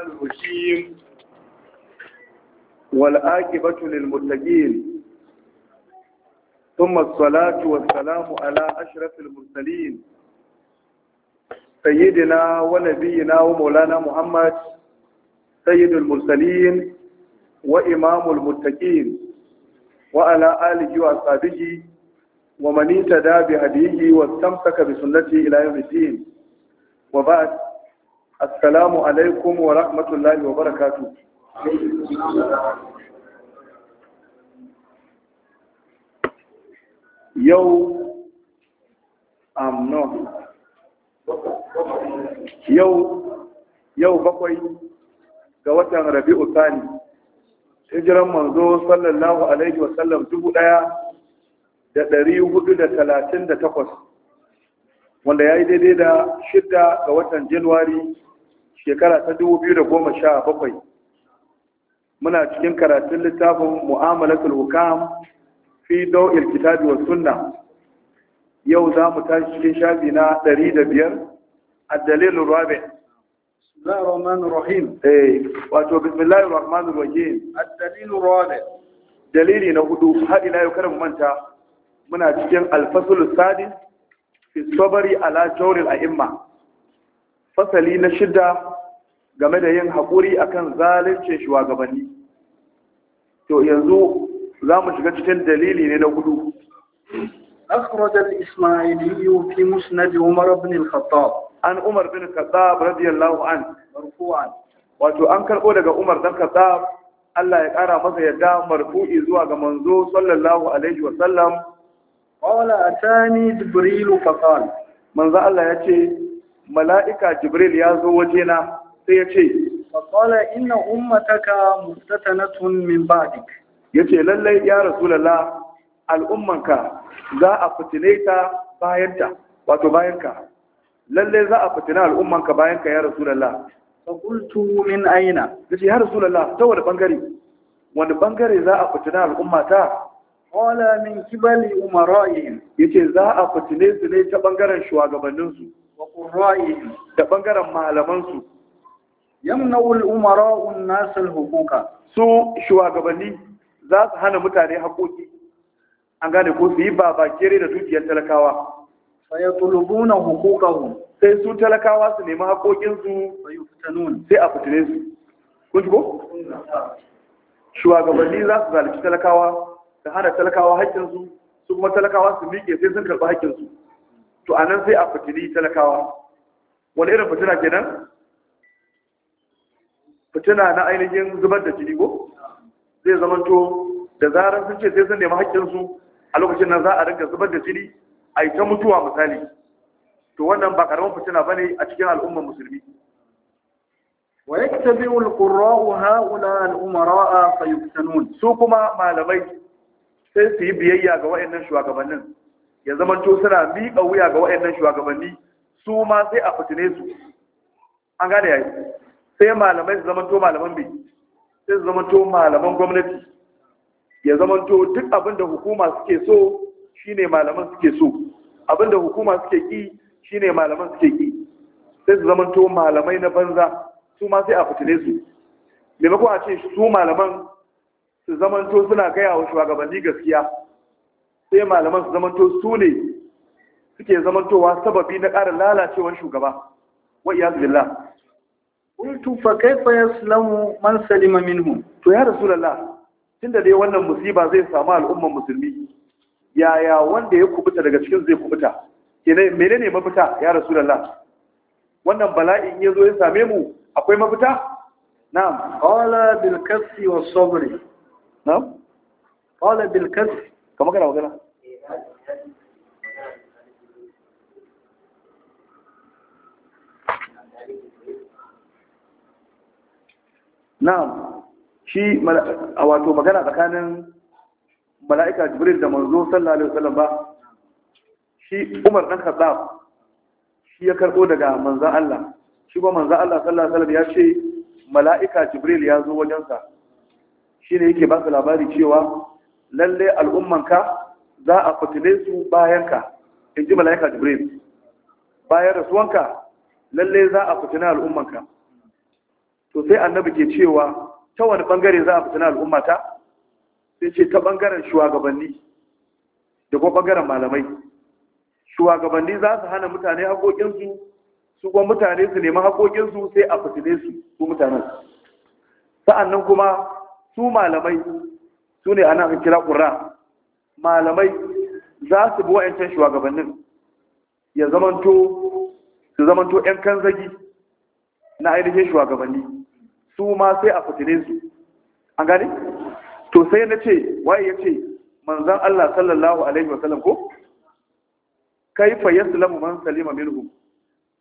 الرحمن الرحيم والآكبة للمتقين ثم الصلاة والسلام على أشرف المرسلين سيدنا ونبينا ومولانا محمد سيد المرسلين وإمام المتقين وعلى آله وأصحابه ومن اهتدى بهديه واستمسك بسنته إلى يوم الدين وبعد assalamu alaikum wa rahmatullahi wa barakatu yau um, yau yau bakwai ga watan rabi'u Sani, hijiran manzo sallallahu alaihi wasallam dubu daya da dari hudu da talatin da takwas wanda ya yi daidai da shidda ga watan januwari shekara ta dubu biyu da goma sha bakwai. muna cikin karatun littafin mu'amalatul hukam fi daw'il kitabi wa sunna yau za mu tashi cikin shafi na ɗari da biyar. ad-dalilur rabi bismillahir rahmanir rahim eh wato bismillahir rahmanir rahim ad-dalilur rabi dalili na hudu har na yau karin manta muna cikin al-fasl sadis fi sabri ala jawril a'imma fasali na shida game da yin haƙuri akan zalincin shugabanni to yanzu za mu shiga cikin dalili ne na gudu أخرج الإسماعيلي في مسند عمر بن الخطاب عن عمر بن الخطاب رضي الله عنه مرفوعا wato an karɓo daga Umar dan Khattab Allah ya ƙara masa yadda marfu'i zuwa ga manzo sallallahu alaihi wa sallam qala atani jibril fa qala manzo Allah ya ce mala'ika jibril ya zo wajena sai ya ce faƙwala ina ummataka mustatanatun min ba'dik ya ce lallai ya rasulallah al'ummanka za a fitine ta bayanta wato bayanka lallai za a fitina al'ummanka bayanka ya rasulallah faƙultu min aina ya ce ya rasulallah ta wani ɓangare wani ɓangare za a fitina al'ummata ƙwala min kibali umarayin ya ce za a fitine su ne ta ɓangaren shugabanninsu da bangaren malamansu yamna'ul umara'un nasal hukuka su shugabanni za su hana mutane haƙoƙi an gane ko su yi babakere da dukiyar talakawa fayatulubuna hukukahum sai su talakawa su nemi haƙoƙinsu fayuftanun sai a fitine su kun ji ko shugabanni za su zalunci talakawa da hana talakawa haƙƙinsu su kuma talakawa su miƙe sai sun karɓi haƙƙinsu to a nan sai a fitili talakawa wani irin ke kenan fitila na ainihin zubar da jini ko zai zamanto da zarar sun ce sai sun nemi haƙƙinsu a lokacin nan za a rinka zubar da jini a yi ta mutuwa misali to wannan ba karamin fitina bane a cikin al'ummar musulmi wa yaktabi'u al-qurra'u ha'ula al-umara'a fayuftanun su kuma malamai sai su yi biyayya ga wayannan shugabannin ya zama to suna miƙa wuya ga wa'annan shugabanni su ma sai a fitine su an gane yayi sai malamai su zama to malaman bi sai su zama to malaman gwamnati ya zama to duk abin da hukuma suke so shine malaman suke so abin da hukuma suke ki shine malaman suke ki sai su zama to malamai na banza su ma sai a fitine su maimakon a ce su malaman su zama to suna gaya wa shugabanni gaskiya sai malaman su zamanto su ne suke zamantowa sababi na ƙara lalacewar shugaba wa iyaz billah qultu fa kayfa yaslamu man salima minhu to ya rasu tun tunda dai wannan musiba zai samu al'umman musulmi yaya wanda ya kubuta daga cikin zai kubuta kenan ne mafita ya rasu lalla. wannan bala'in zo ya same mu akwai mafita na'am qala bil kasfi was sabr na'am qala bil kasfi kamar kana magana na'am shi a wato magana tsakanin mala'ika jibril da manzo sallallahu alaihi wasallam ba shi umar dan khattab shi ya karɓo daga manzan Allah shi ba manzo Allah sallallahu alaihi wasallam ya ce mala'ika jibril ya zo wajensa shine yake ba su labari cewa lalle al'ummanka za a fitile su bayanka in ji mala'ika jibril bayan rasuwanka lalle za a fitina al'ummanka to sai annabi ke cewa ta wani bangare za a fitina al'ummata sai ce ta bangaren shugabanni da kuma bangaren malamai shugabanni za su hana mutane haƙoƙinsu su kuma mutane su nemi haƙoƙinsu sai a fitile su su mutanen sa'annan kuma su malamai su ne ana kira ƙura malamai za su bi wa'ancan shugabannin ya zamanto su zamanto 'yan kanzagi na ainihin shugabanni su ma sai a fitine su an gani? to sai na ce waye ya ce manzan Allah sallallahu alaihi wasallam ko? kaifa lamu man salima minhum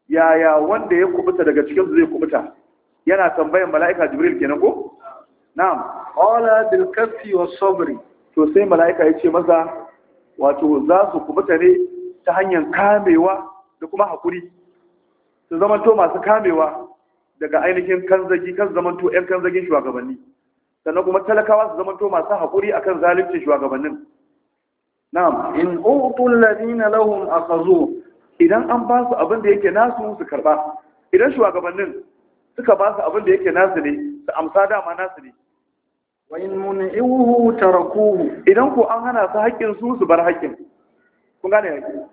yaya wanda ya kubuta daga cikin zai kubuta yana tambayan mala'ika jibril kenan ko na'am qala bil wa sobri to sai malaika ya ce maza wato za su kuma ne ta hanyar kamewa da kuma haƙuri su zamanto masu kamewa daga ainihin kanzagi kan zamanto ƴan kanzagin shugabanni sannan kuma talakawa su zamanto masu haƙuri akan zalunci shugabannin na'am in na ladina a akhazu idan an ba su abin da yake nasu su karba idan shugabannin suka ba su abin da yake nasu ne Da amsa dama nasu ne wayin mun'ihu tarakuhu idan ku an hana su haƙƙin su su bar haƙƙin kun gane haƙƙi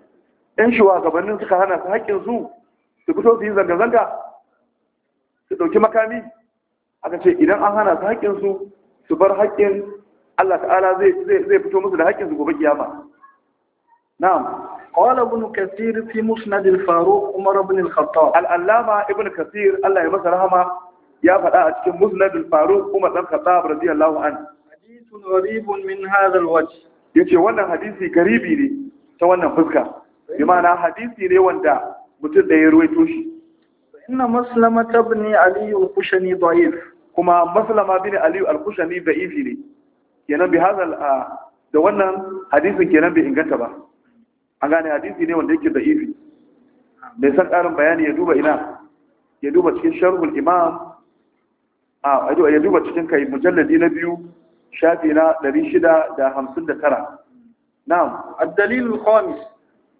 ɗan gabanin suka hana su haƙƙin su su fito su yi zanga-zanga su ɗauki makami aka ce idan an hana su haƙƙin su su bar haƙƙin Allah ta'ala zai zai fito musu da haƙƙin su gobe kiyama na'am قال ابن كثير في مسند الفاروق عمر بن الخطاب Ibn ابن كثير الله masa رحمه ya faɗa a cikin musnadul faruk kuma dan khattab radiyallahu an hadithun gharibun min hadha alwajh yace wannan hadisi garibi ne ta wannan fuska bi ma'ana hadisi ne wanda mutum da ya ruwaito shi inna maslama ibn ali al-kushani da'if kuma maslama bin ali al-kushani da'if ne kenan bi hadha da wannan hadisin kenan bai inganta ba an gane hadisi ne wanda yake da'ifi mai san ƙarin bayani ya duba ina ya duba cikin sharhul imam a ya duba cikin kai mujalladi na biyu shafi na 659 na'am ad-dalil al-khamis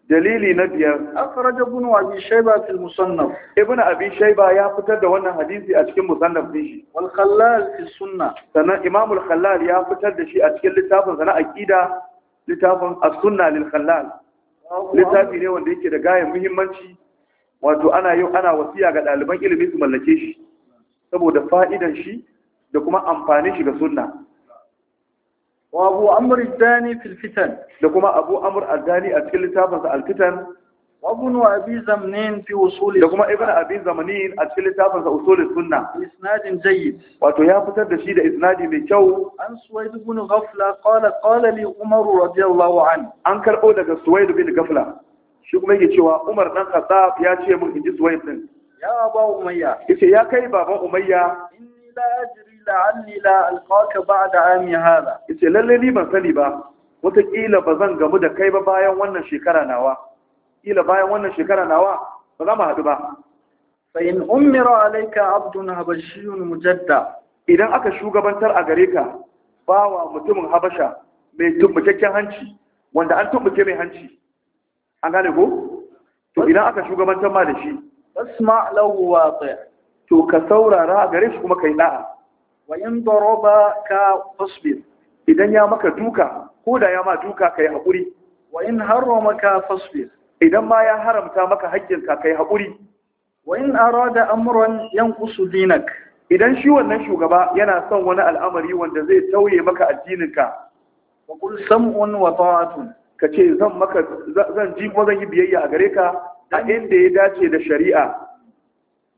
dalili na biyar akhraj ibn abi shayba fi al-musannaf ibn abi Shaiba ya fitar da wannan hadisi a cikin musannaf din shi wal khallal fi sunnah sana imam al-khallal ya fitar da shi a cikin littafin sana aqida littafin as-sunnah lil khallal littafi ne wanda yake da gayan muhimmanci wato ana yau ana wasiya ga ɗaliban ilimi su mallake shi saboda fa'idan shi da kuma amfani shi ga suna. wa abu amur dani fil fitan da kuma abu amur ad-dani a cikin littafinsa alfitan. fitan wa ibn abi zamnin fi usul da kuma ibn abi zamnin a cikin littafinsa usul sunna isnadin jayyid wato ya fitar da shi da isnadi mai kyau an suwaid ibn gafla qala qala li umar radiyallahu an an karɓo daga suwaid ibn ghafla shi kuma yake cewa umar dan khattab ya ce mun ji suwaid din ya ba umayya yace ya kai baban umayya inni la ajri la'anni la alqaka ba'da ami hada yace lalle ni ban sani ba wataƙila ba zan gamu da kai ba bayan wannan shekara nawa ƙila bayan wannan shekara nawa ba za mu haɗu ba fa in umira alayka abdun habashiyun mujadda idan aka shugabantar a gare ka bawa mutumin habasha mai tumbukakken hanci wanda an tumbuke mai hanci an gane ko to idan aka shugabantar ma da shi fasma lahu wati to ka saurara gare shi kuma kai da'a wa in daraba ka fasbir idan ya maka duka ko da ya ma duka kai hakuri wa in ka fasbir idan ma ya haramta maka haƙƙinka kai hakuri wa in arada amran yanqusu dinak idan shi wannan shugaba yana son wani al'amari wanda zai tauye maka addininka wa kul sam'un wa ta'atun kace zan maka zan ji ko zan yi biyayya a gare ka a inda ya dace da shari'a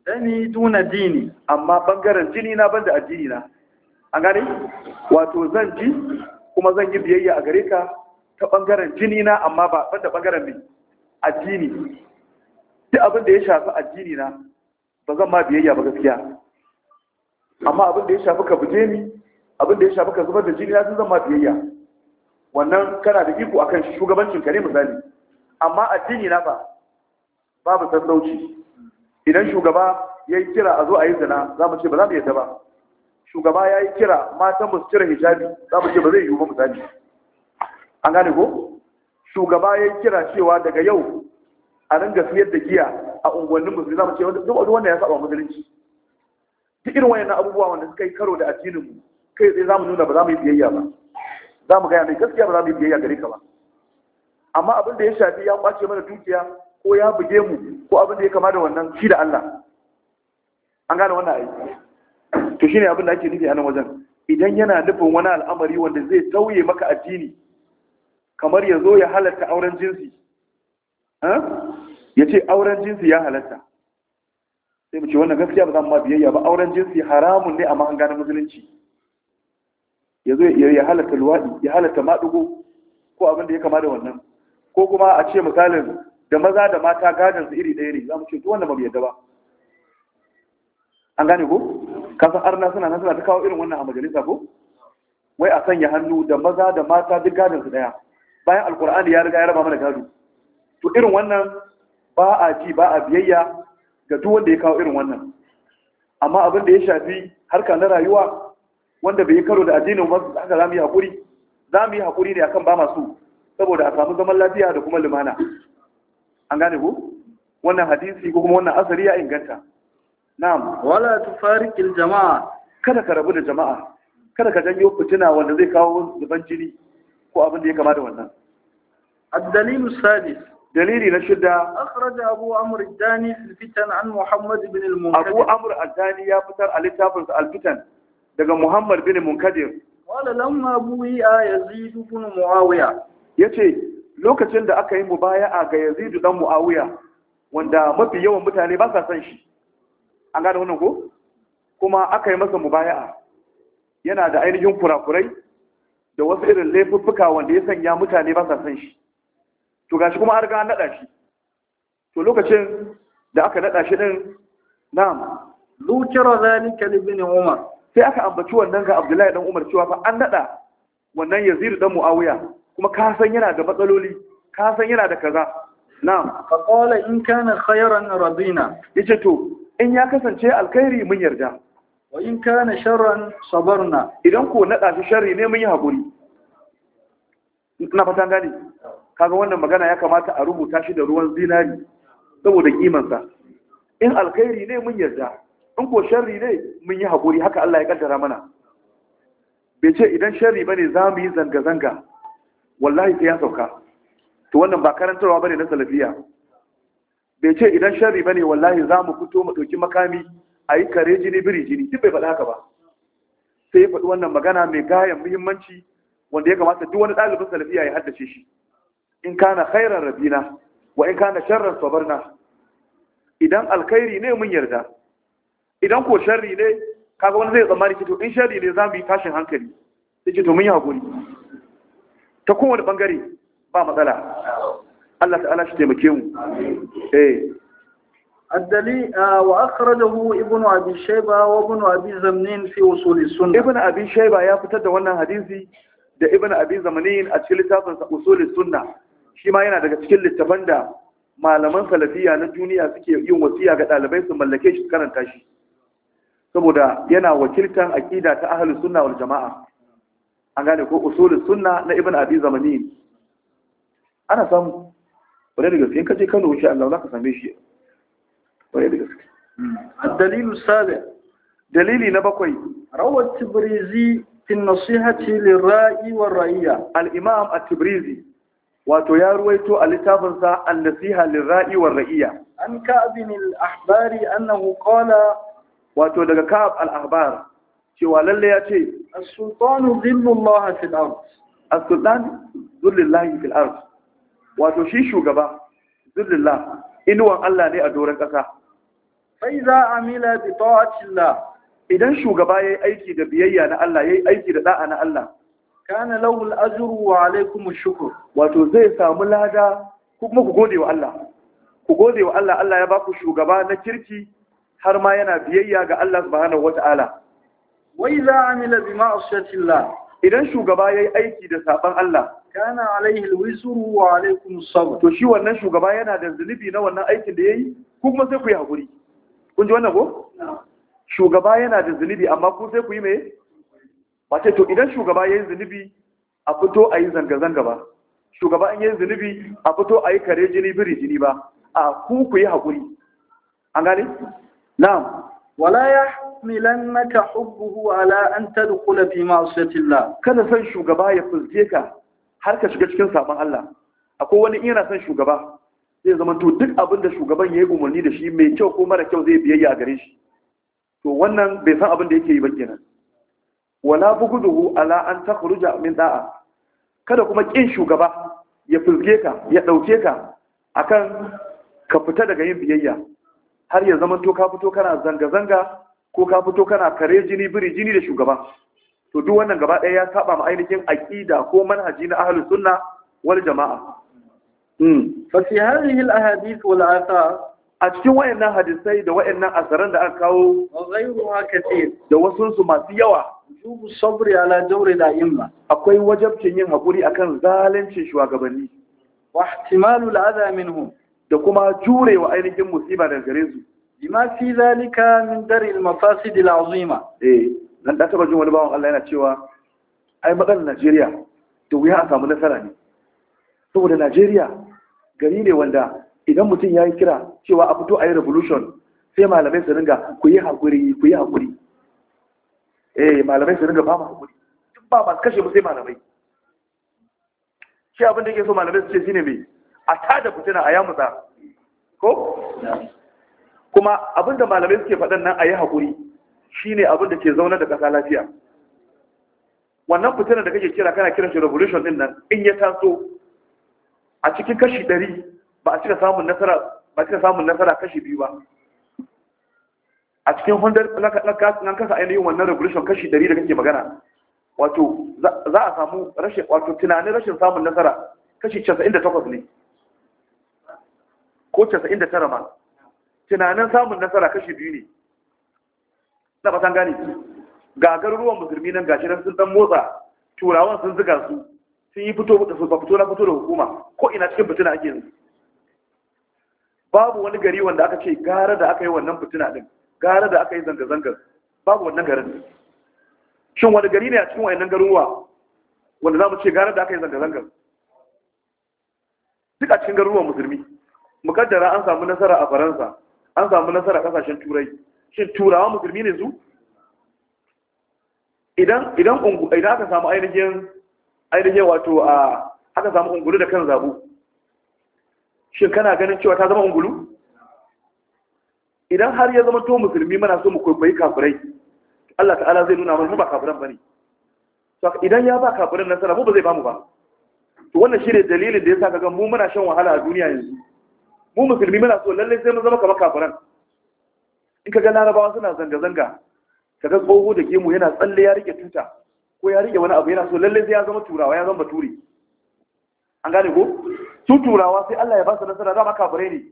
dani duna dini amma bangaren jini na banda addini na an gane wato zan ji kuma zan yi biyayya a gare ka ta bangaren jini na amma ba banda bangaren mai addini duk abin da ya shafi addini na ba zan ma biyayya ba gaskiya amma abin da ya shafi ka buje ni abin da ya shafi ka zubar da jini na sun zan ma biyayya wannan kana da iko akan shugabancin ka ne misali amma addini na ba babu sassauci idan shugaba ya yi kira a zo a yi zina za mu ce ba za mu yadda ba shugaba ya yi kira matan su cire hijabi za mu ce ba zai yiwu ba misali an gane ko shugaba ya yi kira cewa daga yau a ringa siyar da giya a unguwannin musulmi za mu ce wani wanda ya saba musulunci duk irin wayannan abubuwa wanda suka yi karo da addinin mu kai tsaye za mu nuna ba za mu yi biyayya ba za mu gaya mai gaskiya ba za mu yi biyayya gare ka ba amma abin da ya shafi ya kwace mana dukiya ko ya buge mu ko abin da ya kama da wannan shi da Allah an gane wannan aiki to shine abin da ake nufi a nan wajen idan yana nufin wani al'amari wanda zai tauye maka addini kamar ya zo ya halatta auren jinsi ya ce auren jinsi ya halatta sai mu ce wannan gaskiya ba za mu ma biyayya ba auren jinsi haramun ne a an gane musulunci ya zo ya halatta luwaɗi ya halatta maɗugo ko abin da ya kama da wannan ko kuma a ce misalin da maza da mata gadon su iri ɗaya ne za mu ce duk wanda ba mu yadda ba an gane ko kasan arna suna nan suna ta kawo irin wannan a majalisa ko wai a sanya hannu da maza da mata duk gadon su ɗaya bayan alkur'ani ya riga ya raba mana gado to irin wannan ba a ji ba a biyayya ga duk wanda ya kawo irin wannan amma abin da ya shafi harka na rayuwa wanda bai yi karo da addinin su haka za mu yi hakuri, za mu yi hakuri ne akan ba masu saboda a samu zaman lafiya da kuma lumana an gane ku wannan hadisi ko kuma wannan asari ya inganta na'am wala tufarikil jama'a kada ka rabu da jama'a kada ka janyo fitina wanda zai kawo zuban jini ko abin da ya kama da wannan الدليل السادس دليل نشد أخرج أبو عمرو الداني في الفتن عن محمد بن المنكدر أبو عمرو الداني يا فتر الكتاب الفتن دقى محمد بن المنكدر قال لما بوئي يزيد بن معاوية يتي lokacin da aka yi mubaya'a ga Yazid dan Muawiya wanda mafi yawan mutane ba sa san shi an gane wannan ko kuma aka yi masa mubaya'a yana da ainihin kurakurai da wasu irin laifuffuka wanda ya sanya mutane ba sa san shi to gashi kuma an riga an nada shi to lokacin da aka nada shi din na'am zukira zalika libni umar sai aka ambaci wannan ga abdullahi dan umar cewa fa an nada wannan yazid dan muawiya kuma ka san yana da matsaloli ka san yana da kaza na'am fa qala in kana khayran radina yace to in ya kasance alkhairi mun yarda wa in kana sharran sabarna idan ko na dafi sharri ne mun yi hakuri ina fatan gani kaga wannan magana ya kamata a rubuta shi da ruwan zinari saboda sa in alkhairi ne mun yarda in ko sharri ne mun yi hakuri. haka Allah ya kaddara mana bai ce idan sharri bane za mu yi zanga-zanga wallahi sai ya sauka to wannan ba karantarwa bane na salafiya bai ce idan sharri bane wallahi za mu fito mu dauki makami a kare jini biri jini duk bai faɗa haka ba sai ya faɗi wannan magana mai gayan muhimmanci wanda ya kamata duk wani ɗalibin salafiya ya haddace shi in kana khairan rabina wa in kana sharran sabarna idan alkhairi ne mun yarda idan ko sharri ne kaga wani zai tsammani ki to in sharri ne za mu yi tashin hankali sai ki to mun yi hakuri ta kowane bangare ba matsala Allah ta'ala shi taimake mu eh الدليل ah, Ibn Abi ابي wa Ibn Abi زمنين fi اصول السنه Ibn Abi Shaiba ya fitar da wannan hadisi da ibn abi zamanin a cikin littafin sa usul sunna shi ma yana daga cikin littafan da malaman salafiya na duniya suke yin wasiya ga ɗalibai su mallake shi karanta shi saboda yana wakiltan aqida ta ahlus sunna wal jamaa an gane ko usulun sunna na ibn abi zamani ana samu wani daga gaske kaje kano insha Allah za ka same shi wani daga gaske الدليل السابع دليلي نبقي روى التبريزي في النصيحة للرائي والرائية الإمام التبريزي وتيا رويتو الكتاب النصيحة للرائي والرائية عن كعب الأحبار أنه قال وتدقى كعب الأحبار cewa lalle ya ce as-sultanu dhillullah fil ard as-sultan dhillullah fil ard wato shi shugaba dhillullah inuwan Allah ne a doron kasa fa iza amila bi ta'atillah idan shugaba yayi aiki da biyayya na Allah yayi aiki da da'a na Allah kana lahu al-ajru wa alaikum ash wato zai samu lada kuma ku gode wa Allah ku gode wa Allah Allah ya ba ku shugaba na kirki har ma yana biyayya ga Allah subhanahu wata'ala wai za a mila bima ashatillah idan shugaba ya yi aiki da sabon Allah kana alaihi alwisru wa alaikum sabu to shi wannan shugaba yana da zunubi na wannan aikin da yi? ku kuma sai ku yi hakuri kun ji wannan ko shugaba yana da zunubi amma ku sai ku yi mai wace to idan shugaba ya yi zunubi a fito a yi zanga-zanga ba shugaba an yi zunubi a fito a yi kare jini biri jini ba a ku ku yi hakuri an gane na'am wala ya yuhmilannaka hubbuhu ala an tadkhula fi ma'siyatillah kada san shugaba ya fuzge ka har ka shiga cikin sabon Allah akwai wani ina san shugaba zai zama to duk abin da shugaban yayi umarni da shi mai kyau ko mara kyau zai biyayya gare shi to wannan bai san abin da yake yi ba kenan wala bughduhu ala an takhruja min da'a kada kuma kin shugaba ya fuzge ka ya dauke ka akan ka fita daga yin biyayya har ya zama to ka fito kana zanga-zanga ko ka fito kana kare jini biri jini da shugaba to duk wannan gaba ɗaya ya saba ma ainihin aƙida ko manhaji na ahlus sunna wal jama'a mm fa fi hadhihi al ahadith wal athar a cikin wayannan hadisai da wayannan asaran da aka kawo ghayruha katir da wasu su masu yawa jubu sabri ala da imma akwai wajabcin yin hakuri akan zalincin shugabanni wa al adha minhum da kuma jurewa ainihin musiba daga gare su lima fi zalika min daril mafasid al'azima eh nan da taba jin wani bawan Allah yana cewa ai matsalar Najeriya to wuya a samu nasara ne saboda Najeriya gari ne wanda idan mutum ya yi kira cewa a fito a yi revolution sai malamai su ringa ku yi hakuri ku yi hakuri eh malamai su ringa ba mu hakuri duk ba masu kashe mu sai malamai shi abin da yake so malamai su ce shine me a tada fitina a yamutsa ko kuma abinda malamai suke faɗan nan a yi haƙuri shine abin da ke zaune da ƙasa lafiya wannan fitinar da kake kira kana kiran shi revolution din nan in ya taso a cikin kashi ɗari ba a cika samun nasara ba cika samun nasara kashi biyu ba a cikin hundar na kasa ainihin wannan revolution kashi ɗari da kake magana wato za a samu rashin wato tunanin rashin samun nasara kashi casa'in da takwas ne ko casa'in da tara ma tunanin samun nasara kashi biyu ne na fatan gane ga garuruwan musulmi nan gashi nan sun dan motsa turawan sun zuga su sun yi fito da ba fito na fito da hukuma ko ina cikin fitina ake yanzu babu wani gari wanda aka ce gara da aka yi wannan fitina din gara da aka yi zanga-zangar babu wannan garin shin wani gari ne a cikin wayannan garuruwa wanda za mu ce gara da aka yi zanga-zangar duk a cikin garuruwan musulmi mukaddara an samu nasara a faransa an samu nasara kasashen turai shin turawa musulmi ne su idan aka samu ainihin ainihin wato a aka samu ungulu da kan zabu shin kana ganin cewa ta zama ungulu idan har ya zama to musulmi mana so mu kwaikwayi kafirai Allah ta'ala zai nuna mana mu ba kafiran ba ne idan ya ba kafiran nasara mu ba zai bamu ba to wannan ne dalilin da ya sa ka gan mu muna shan wahala a duniya yanzu mu musulmi muna so lalle sai mun zama kamar kafiran in ga larabawa suna zanga zanga Ka ga tsoho da gemu yana tsalle ya rike tuta ko ya rike wani abu yana so lalle sai ya zama turawa ya zama bature an gane ko su turawa sai Allah ya ba su nasara dama kafirai ne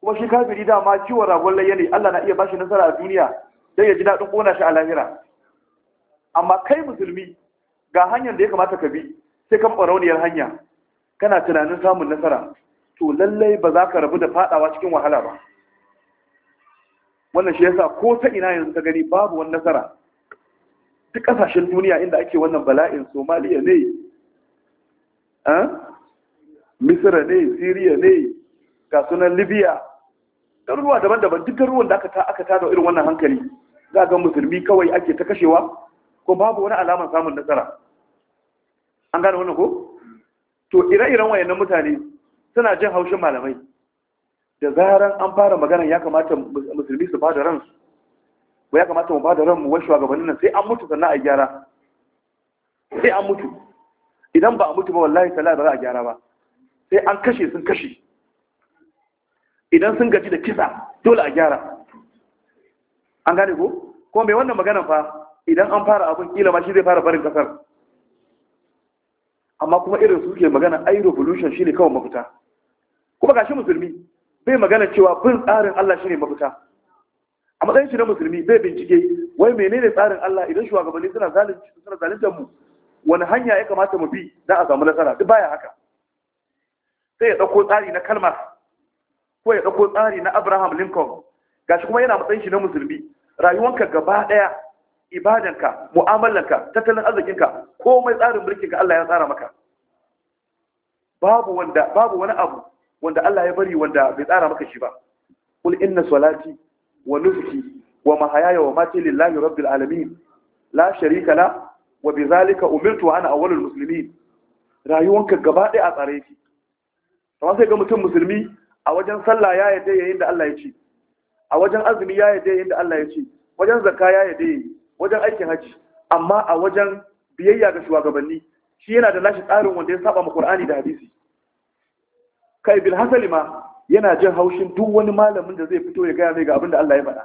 kuma shi kafiri dama ciwon ragon layya ne Allah na iya ba shi nasara a duniya sai ya ji daɗin ƙona shi a lahira amma kai musulmi ga hanyar da ya kamata ka bi sai kan ɓarauniyar hanya kana tunanin samun nasara to lallai ba za ka rabu da fadawa cikin wahala ba wannan shi yasa ko ta ina yanzu ta gani babu wani nasara duk kasashen duniya inda ake wannan bala'in somaliya ne misira ne siriya ne ga sunan libya garuruwa daban-daban duk garuruwan da aka ta aka tada irin wannan hankali za ga musulmi kawai ake ta kashewa ko babu wani alamar samun nasara an gane wannan ko to ire-iren wayannan mutane suna jin haushin malamai da zaran an fara magana ya kamata musulmi su ba da ransu ba ya kamata mu ba da mu wasu shugabannin nan sai an mutu sannan a gyara sai an mutu idan ba a mutu ba wallahi sallah ba za a gyara ba sai an kashe sun kashe idan sun gaji da kisa dole a gyara an gane ko ko mai wannan magana fa idan an fara abin kila ma shi zai fara barin kasar amma kuma irin su ke magana ai revolution shine kawai mafita kuma gashi musulmi bai magana cewa bin tsarin Allah shine mafita a matsayin shi na musulmi bai bincike wai menene tsarin Allah idan shugabanni suna zalunci suna zaluntar mu wani hanya ya kamata mu bi za a samu nasara duk baya haka sai ya dauko tsari na kalmar ko ya dauko tsari na Abraham Lincoln gashi kuma yana matsayin shi na musulmi rayuwanka gaba daya ibadanka mu'amalanka tattalin arzikinka komai tsarin mulkin ka Allah ya tsara maka babu wanda babu wani abu wanda Allah ya bari wanda bai tsara maka shi ba kul inna salati wa nusuki wa mahayaya wa mati lillahi rabbil alamin la sharika la wa bidhalika umirtu wa ana awwalul muslimin rayuwanka gaba ɗaya a tsare yake kamar sai ga mutum musulmi a wajen sallah ya yadda yayin da Allah ya ce a wajen azumi ya yadda yayin da Allah ya ce wajen zakka ya yadda yayi wajen aikin haji amma a wajen biyayya ga shugabanni shi yana da nashi tsarin wanda ya saba ma Qur'ani da hadisi kai bil hasali ma yana jin haushin duk wani malamin da zai fito ya gaya mai ga abin da Allah ya faɗa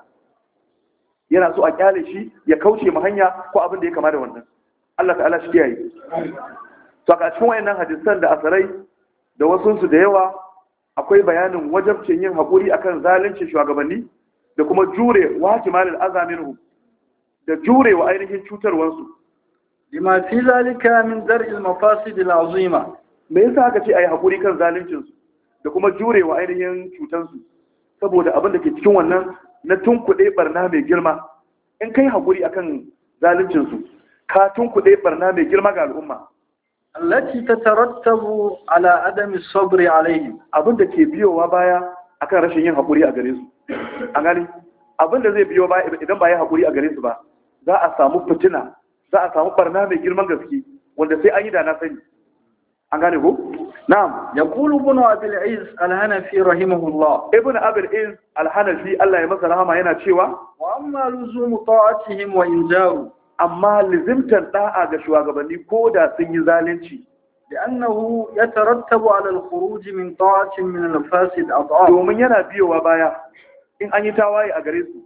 yana so a kyale shi ya kauce mu hanya ko abin da ya kama da wannan Allah ta'ala shi kiyaye to a cikin wayannan hadisan da asarai da wasu su da yawa akwai bayanin wajabcin yin hakuri akan zalunci shugabanni da kuma jure wa kimalil azaminu da jure wa ainihin cutarwansu lima fi zalika min dar'il mafasid al'azima me yasa aka ce ayi hakuri kan zaluncin su da kuma jurewa ainihin cutansu saboda abin da ke cikin wannan na tunkuɗe barna mai girma in kai haƙuri akan zaluncinsu ka tunkuɗe barna mai girma ga al'umma ta tatarattabu ala adami sabri alaihim abin da ke biyowa baya akan rashin yin haƙuri a gare su A gani abin da zai biyo baya idan ba ya haƙuri a gare su ba za a samu fitina za a samu ɓarna mai girman gaske wanda sai an yi da na sani an gane ko na'am yaqulu ibn abil iz al-hanafi rahimahullah ibn abil iz al-hanafi Allah ya masa rahama yana cewa wa amma luzumu ta'atihim wa injaru amma lizimtan da'a ga shugabanni ko da sun yi zalunci لأنه يترتب على الخروج من طاعة من الفاسد أضعاف domin yana biyowa baya in an yi tawaye a gare su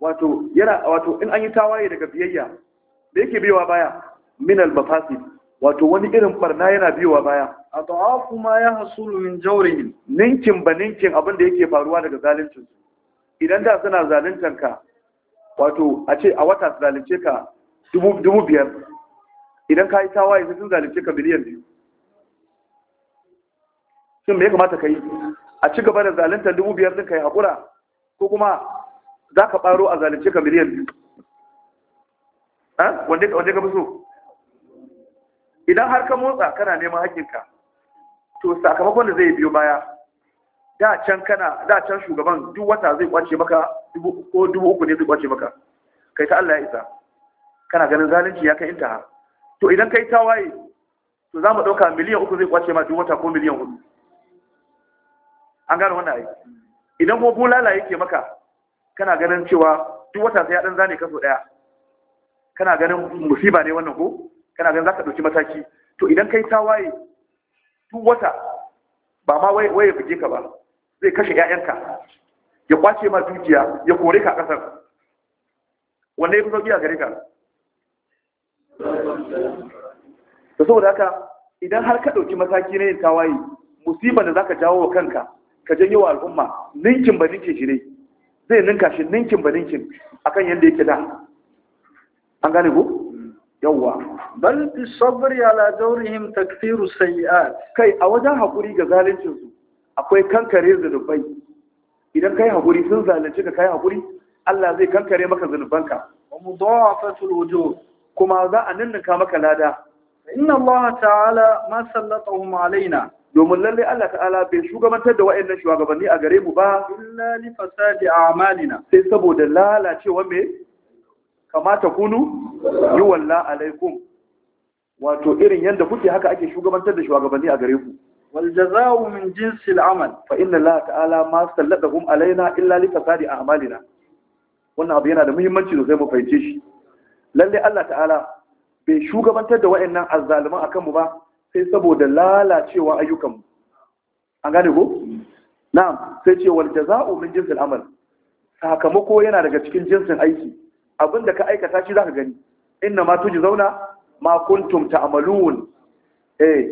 wato yana wato in an yi tawaye daga biyayya da yake biyowa baya min al-mafasid wato wani irin barna yana biyowa baya a ta'afu ma ya hasulu min jawrihim ninkin ba ninkin abin da yake faruwa daga zaluncin idan da suna zaluntar ka wato a ce a wata su zalunce ka dubu biyar idan ka yi tawaye sun zalunce ka biliyan biyu shin me ya kamata ka yi a ci gaba da zaluntar dubu biyar din ka yi haƙura ko kuma za ka ɓaro a zalunce ka miliyan biyu wanda ka fi so idan har ka motsa kana neman haƙƙinka to sakamakon da zai biyo baya da can kana da can shugaban duk wata zai kwace maka ko dubu uku ne zai kwace maka kai ta Allah ya isa kana ganin zalunci ya kai intaha to idan kai tawaye to za mu ɗauka miliyan uku zai kwace ma duk wata ko miliyan hudu an gano wannan ai idan ko bulala yake maka kana ganin cewa duk wata sai ya dan zane kaso daya kana ganin musiba ne wannan ko kana ganin za ka ɗauki mataki to idan kai ta waye duk wata ba ma waye buge ka ba zai kashe 'ya'yanka ya kwace ma dukiya ya kore ka ƙasar wanda yafi fi a gare ka da saboda haka idan har ka ɗauki mataki na yin tawaye musibar da za ka jawo wa kanka ka janyo wa al'umma ninkin ba ninkin shi ne zai ninka shi ninkin ba ninkin akan yadda yake da an gane ko Yauwa, bal fi sabri ala dawrihim takfiru sayiat kai a wajen hakuri ga zalincin su akwai kankare zunubai. idan kai hakuri sun zalunci ka kai hakuri Allah zai kankare maka zanubanka wa mudawafatul wujur kuma za a ninninka maka lada inna Allah ta'ala ma sallatahum alaina domin lalle Allah ta'ala bai shugabantar da wayannan shugabanni a gare mu ba illa li fasadi a'malina sai saboda lalacewa me kama ta kunu yi walla alaikum wato irin yadda kuke haka ake shugabantar da shugabanni a gare ku wal jazaa'u min jinsi amal fa inna allaha ta'ala ma sallatahum alaina illa li fasadi a'malina wannan abu yana da muhimmanci sosai mu fahimce shi lalle Allah ta'ala bai shugabantar da wayannan azzaluma akan mu ba sai saboda lalacewa ayyukan mu an gane ko na'am sai ce wal jazaa'u min jinsi amal sakamako yana daga cikin jinsin aiki abinda ka aikata shi ka gani inna ma zauna ma kuntum ta'malun eh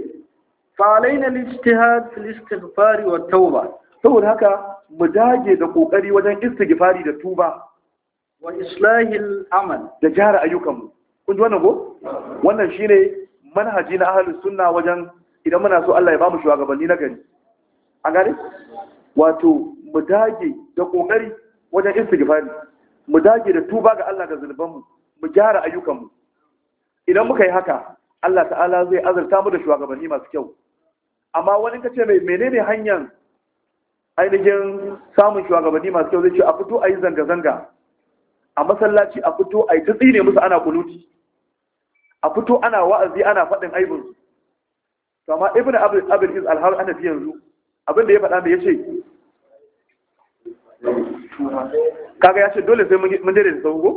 fa alaina al-ijtihad fil istighfar wa tauba saboda haka mu dage da kokari wajen istighfari da tuba wa islahil amal da jara ayyukanmu kun ji wannan ko wannan shine manhaji na ahlus sunna wajen idan muna so Allah ya bamu shugabanni na gari an gane wato mu dage da kokari wajen istighfari mu dage da tuba ga Allah da zunubanmu mu Mu gyara ayyukanmu idan muka yi haka Allah ta'ala zai azurta mu da shugabanni masu kyau amma wani ka ce menene hanyar ainihin samun shugabanni masu kyau zai ce a fito ayi zanga-zanga a masallaci a fito a yi tsitsi ne musu ana kuluti a fito ana wa'azi ana faɗin aibinsu ibnu ibn abin is alhar ana fi yanzu Abinda ya faɗa da ya ce kaga ya ce dole sai mun daidaita sahu ko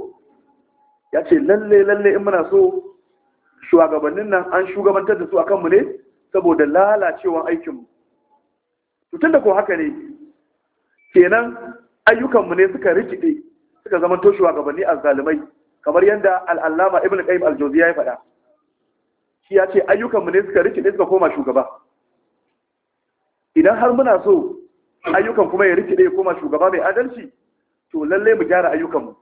ya ce lalle lalle in muna so shugabannin nan an shugabantar da su akan mu ne saboda lalacewan aikinmu tun da ko haka ne kenan ayyukanmu ne suka rikide suka zama to shugabanni azzalumai kamar yadda al'allama ibn qayyim al-jawziya ya faɗa shi ya ce ayyukanmu ne suka rikide suka koma shugaba idan har muna so ayyukan kuma ya rikide ya koma shugaba mai adalci to lalle mu gyara ayyukanmu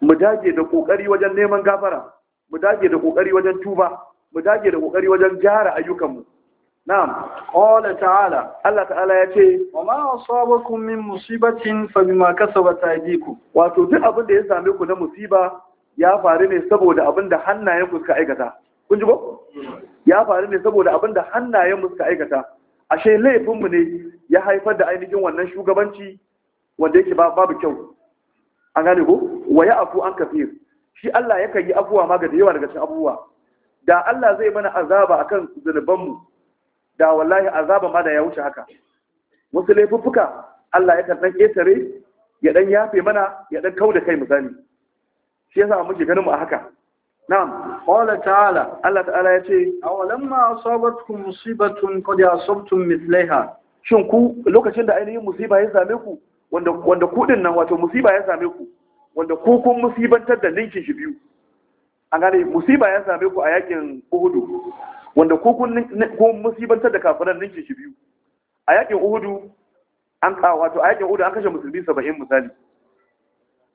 mu dage da kokari wajen neman gafara mu dage da kokari wajen tuba mu dage da kokari wajen gyara ayyukan mu na'am qala ta'ala Allah ta'ala ya ce wa ma asabakum min musibatin fa bima kasabat aydikum wato duk abin da ya same ku na musiba ya faru ne saboda abin da hannayen ku suka aikata kun ji ko ya faru ne saboda abin da hannayen mu suka aikata ashe laifinmu ne ya haifar da ainihin wannan shugabanci wanda yake babu kyau A gane ko wa ya afu an kafir shi Allah yakan yi afuwa ma ga yawa daga cikin abubuwa da Allah zai mana azaba akan zunubanmu da wallahi azaba ma da ya wuce haka wasu laifuffuka Allah ya kan dan ƙetare ya dan yafe mana ya dan kauda da kai misali shi yasa muke ganin mu a haka na'am qala ta'ala Allah ta'ala yace awalamma asabatkum musibatun qad asabtum mithlaiha shin ku lokacin da ainihin musiba ya same ku wanda wanda ku din nan wato musiba ya same ku wanda ku kun musibantar da ninkin shi biyu an gane musiba ya same ku a yakin Uhudu wanda ku kun musibantar da kafiran ninkin shi biyu a yakin Uhudu an ka wato a yakin Uhudu an kashe musulmi 70 misali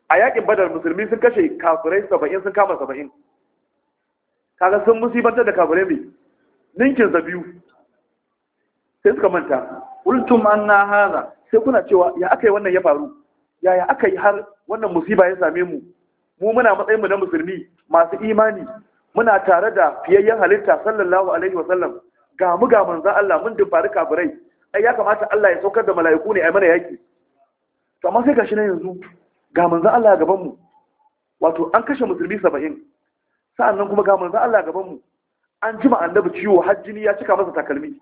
a yakin Badar musulmi sun kashe kafirai 70 sun kama 70 kaga sun musibantar da kafirai mai ninkin sa biyu sai suka manta ultum anna hadha sai kuna cewa ya aka yi wannan ya faru yaya aka yi har wannan musiba ya same mu mu muna matsayin mu na musulmi masu imani muna tare da fiyayyen halitta sallallahu alaihi wa sallam ga mu ga manzo Allah mun faru kafirai ai ya kamata Allah ya saukar da mala'iku ne ai mana yaki to amma sai gashi na yanzu ga manzo Allah gaban mu wato an kashe musulmi 70 sa'annan kuma ga manzo Allah gabanmu, an an jima annabi ciwo har jini ya cika masa takalmi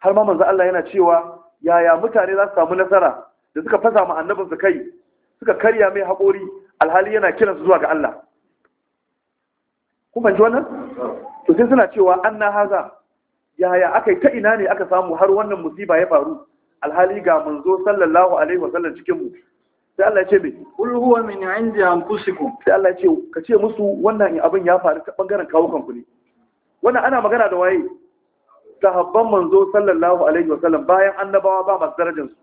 har ma manzan Allah yana cewa yaya mutane za su samu nasara da suka fasa ma’an annabin su kai suka karya mai haƙori alhali yana kiran su zuwa ga Allah kuma ji wannan to sai suna cewa 'An na haza yaya akai ta ina ne aka samu har wannan musiba ya faru alhali ga manzo sallallahu alaihi wasallam cikinmu sai Allah ya ce me kul huwa min indi anfusikum sai Allah ce ka ce musu wannan abin ya faru ta bangaren kawo kanku ne wannan ana magana da waye sahabban manzo sallallahu alaihi wasallam bayan annabawa ba masu darajar su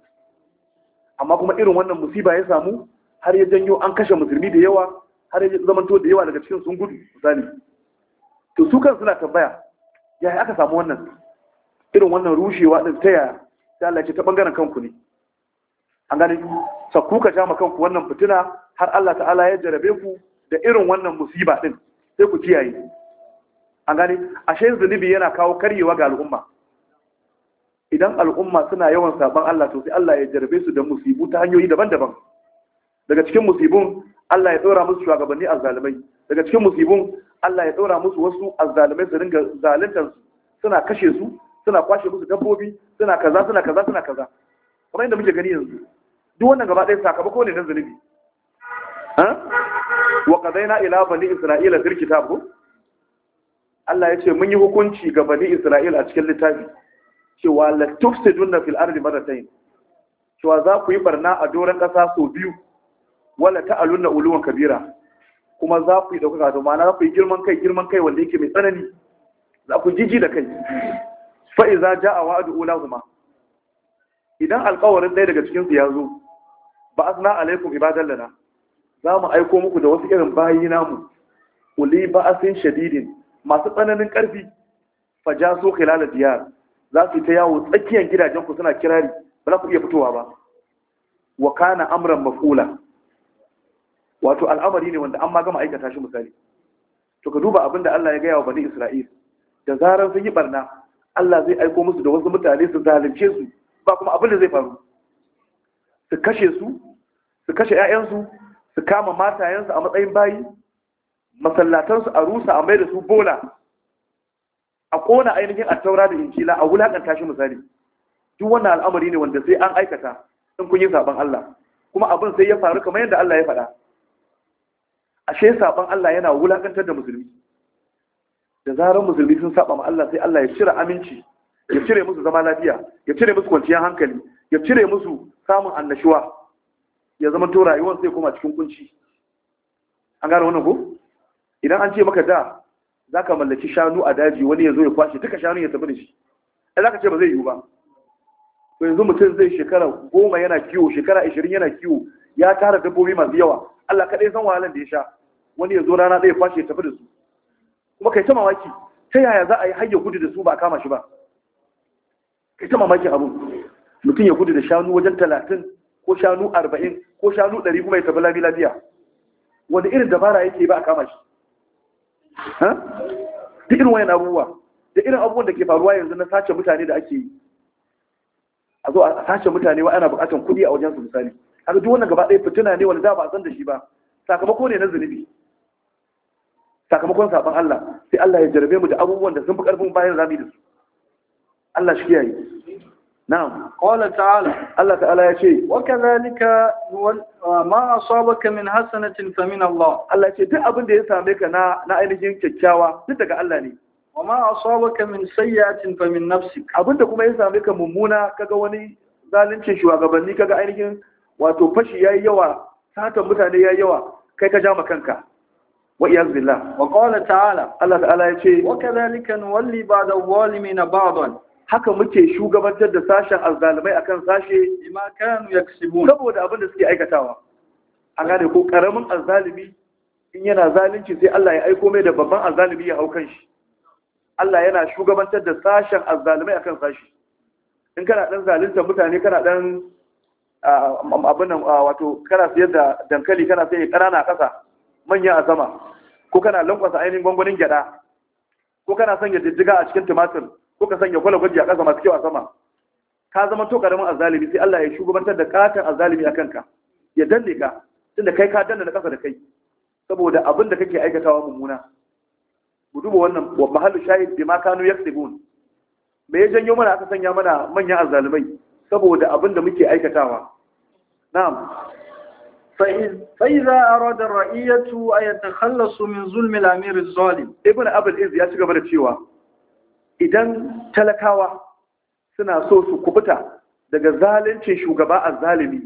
amma kuma irin wannan musiba ya samu har ya janyo an kashe musulmi da yawa har ya zamanto da yawa daga cikin sun gudu misali to su kan suna tambaya yaya aka samu wannan irin wannan rushewa din ta yaya Allah ya ce ta bangaren kanku ne an sa ka ja kanku wannan fitina har Allah ta'ala ya jarabe ku da irin wannan musiba din sai ku kiyaye an a ashe zunubi yana kawo karyewa ga al'umma idan al'umma suna yawan saban Allah to sai Allah ya jarabe su da musibu ta hanyoyi daban-daban daga cikin musibun Allah ya tsora musu shugabanni azzalumai daga cikin musibun Allah ya tsora musu wasu azzalumai su ringa zaluntar su suna kashe su suna kwashe musu dabbobi suna kaza suna kaza suna kaza Kuma yadda muke gani yanzu duk wannan gaba ɗaya sakamako ne na zunubi wa qadaina ila bani isra'ila fil kitab Allah ya ce mun yi hukunci ga bani isra'ila a cikin littafi cewa la tufsiduna fil ardi marratayn cewa za ku yi barna a doron kasa sau biyu wala ta'aluna uluwan kabira kuma za ku yi dauka da ma'ana za ku yi girman kai girman kai wanda yake mai tsanani za ku jiji da kai fa'iza ja a wa'du ulahuma idan alƙawarin ɗaya daga cikinsu ya zo ba a sana alaikun ibadan lana za mu aiko muku da wasu irin bayi namu uli ba'asin shadidin masu tsananin karfi faja so lalata diyar za su ta yawo tsakiyar gidajen ku suna kirari ba za ku iya fitowa ba wa kana amran mafula wato al'amari ne wanda an ma gama aikata shi misali to ka duba abin da Allah ya gaya wa bani Isra'il da zarar sun yi barna Allah zai aiko musu da wasu mutane su zalunce su ba kuma abin da zai faru su kashe su su kashe 'ya'yansu su kama matayensu a matsayin bayi masallatansu a rusa a mai da su bola a ƙona ainihin a taura da injila a wulakanta shi misali duk wannan al'amari ne wanda sai an aikata in kun yi saban Allah kuma abin sai ya faru kamar yadda Allah ya faɗa ashe saban Allah yana wulakantar da musulmi da zarar musulmi sun saba ma Allah sai Allah ya cire aminci ya cire musu zama lafiya ya cire musu kwanciyar hankali ya cire musu samun annashuwa ya zama to rayuwar sai kuma cikin kunci an gane wannan ko idan an ce maka da za ka mallaki shanu a daji wani ya zo ya kwashe duka shanu ya tafi da shi ai za ka ce ba zai yiwu ba to yanzu mutum zai shekara goma yana kiwo shekara ashirin yana kiwo ya tara dabbobi masu yawa Allah kaɗai san wahalar da ya sha wani ya zo rana ɗaya kwashe ya tafi da su kuma kai ta mamaki ta yaya za a yi hayya gudu da su ba a kama shi ba kai ta mamaki abu mutum ya gudu da shanu wajen talatin ko shanu arba'in ko shanu ɗari kuma ya tabi lami lafiya Wani irin dabara yake ba a kama shi duk irin wayan abubuwa da irin abubuwan da ke faruwa yanzu na sace mutane da ake yi a zo a sace mutane wa ana bukatan kuɗi a wajen su misali haka duk wannan gaba ɗaya fitina ne wanda za ba a san da shi ba sakamako ne na zunubi sakamakon sabon Allah sai Allah ya jarabe mu da abubuwan da sun fi ƙarfin bayan rami da su Allah shi kiyaye نعم قال تعالى الله تعالى يشي وكذلك ما أصابك من حسنة فمن الله الله يشي دي أبن دي يساميك نا نا أينجين كتشاوى نتك الله ني وما أصابك من سيئة فمن نفسك أبن كما يساميك ممونة كغواني zalincin shugabanni kaga ainihin wato fashi yayi yawa sata mutane yayi yawa kai ka jama kanka wa iyaz billah wa qala ta'ala Allah ta'ala yace wa kadhalika nuwalli ba'da zalimin ba'dan haka muke shugabantar da sashen alzalimai akan sashe saboda abin da suke aikatawa a gane ko karamin alzalimi in yana zalunci sai Allah ya aiko mai da babban alzalimi ya hau kan shi Allah yana shugabantar da sashen alzalimai akan sashe. in kana dan zalunta mutane kana dan abin nan wato kana siyar da dankali kana sai karana a ƙasa manya a sama ko kana lankwasa ainihin gwangwanin gyada ko kana sanya diddiga a cikin tumatir kuka sanya gwalagwaji a ƙasa masu kyau a sama ka zama to karamin azalimi sai Allah ya shugabantar da katon azalimi a kanka ya danne ka tunda kai ka danna na ƙasa da kai saboda abin da kake aikatawa mummuna mu duba wannan wa mahallu shahid bima kanu yaksibun me ya janyo mana aka sanya mana manyan azalimai saboda abin da muke aikatawa na'am فإذا أراد الرئية أن يتخلص من ظلم الأمير الظالم ابن أبل إذ يا شيخ cewa. idan talakawa suna so su kubuta daga zalincin shugaba a zalimi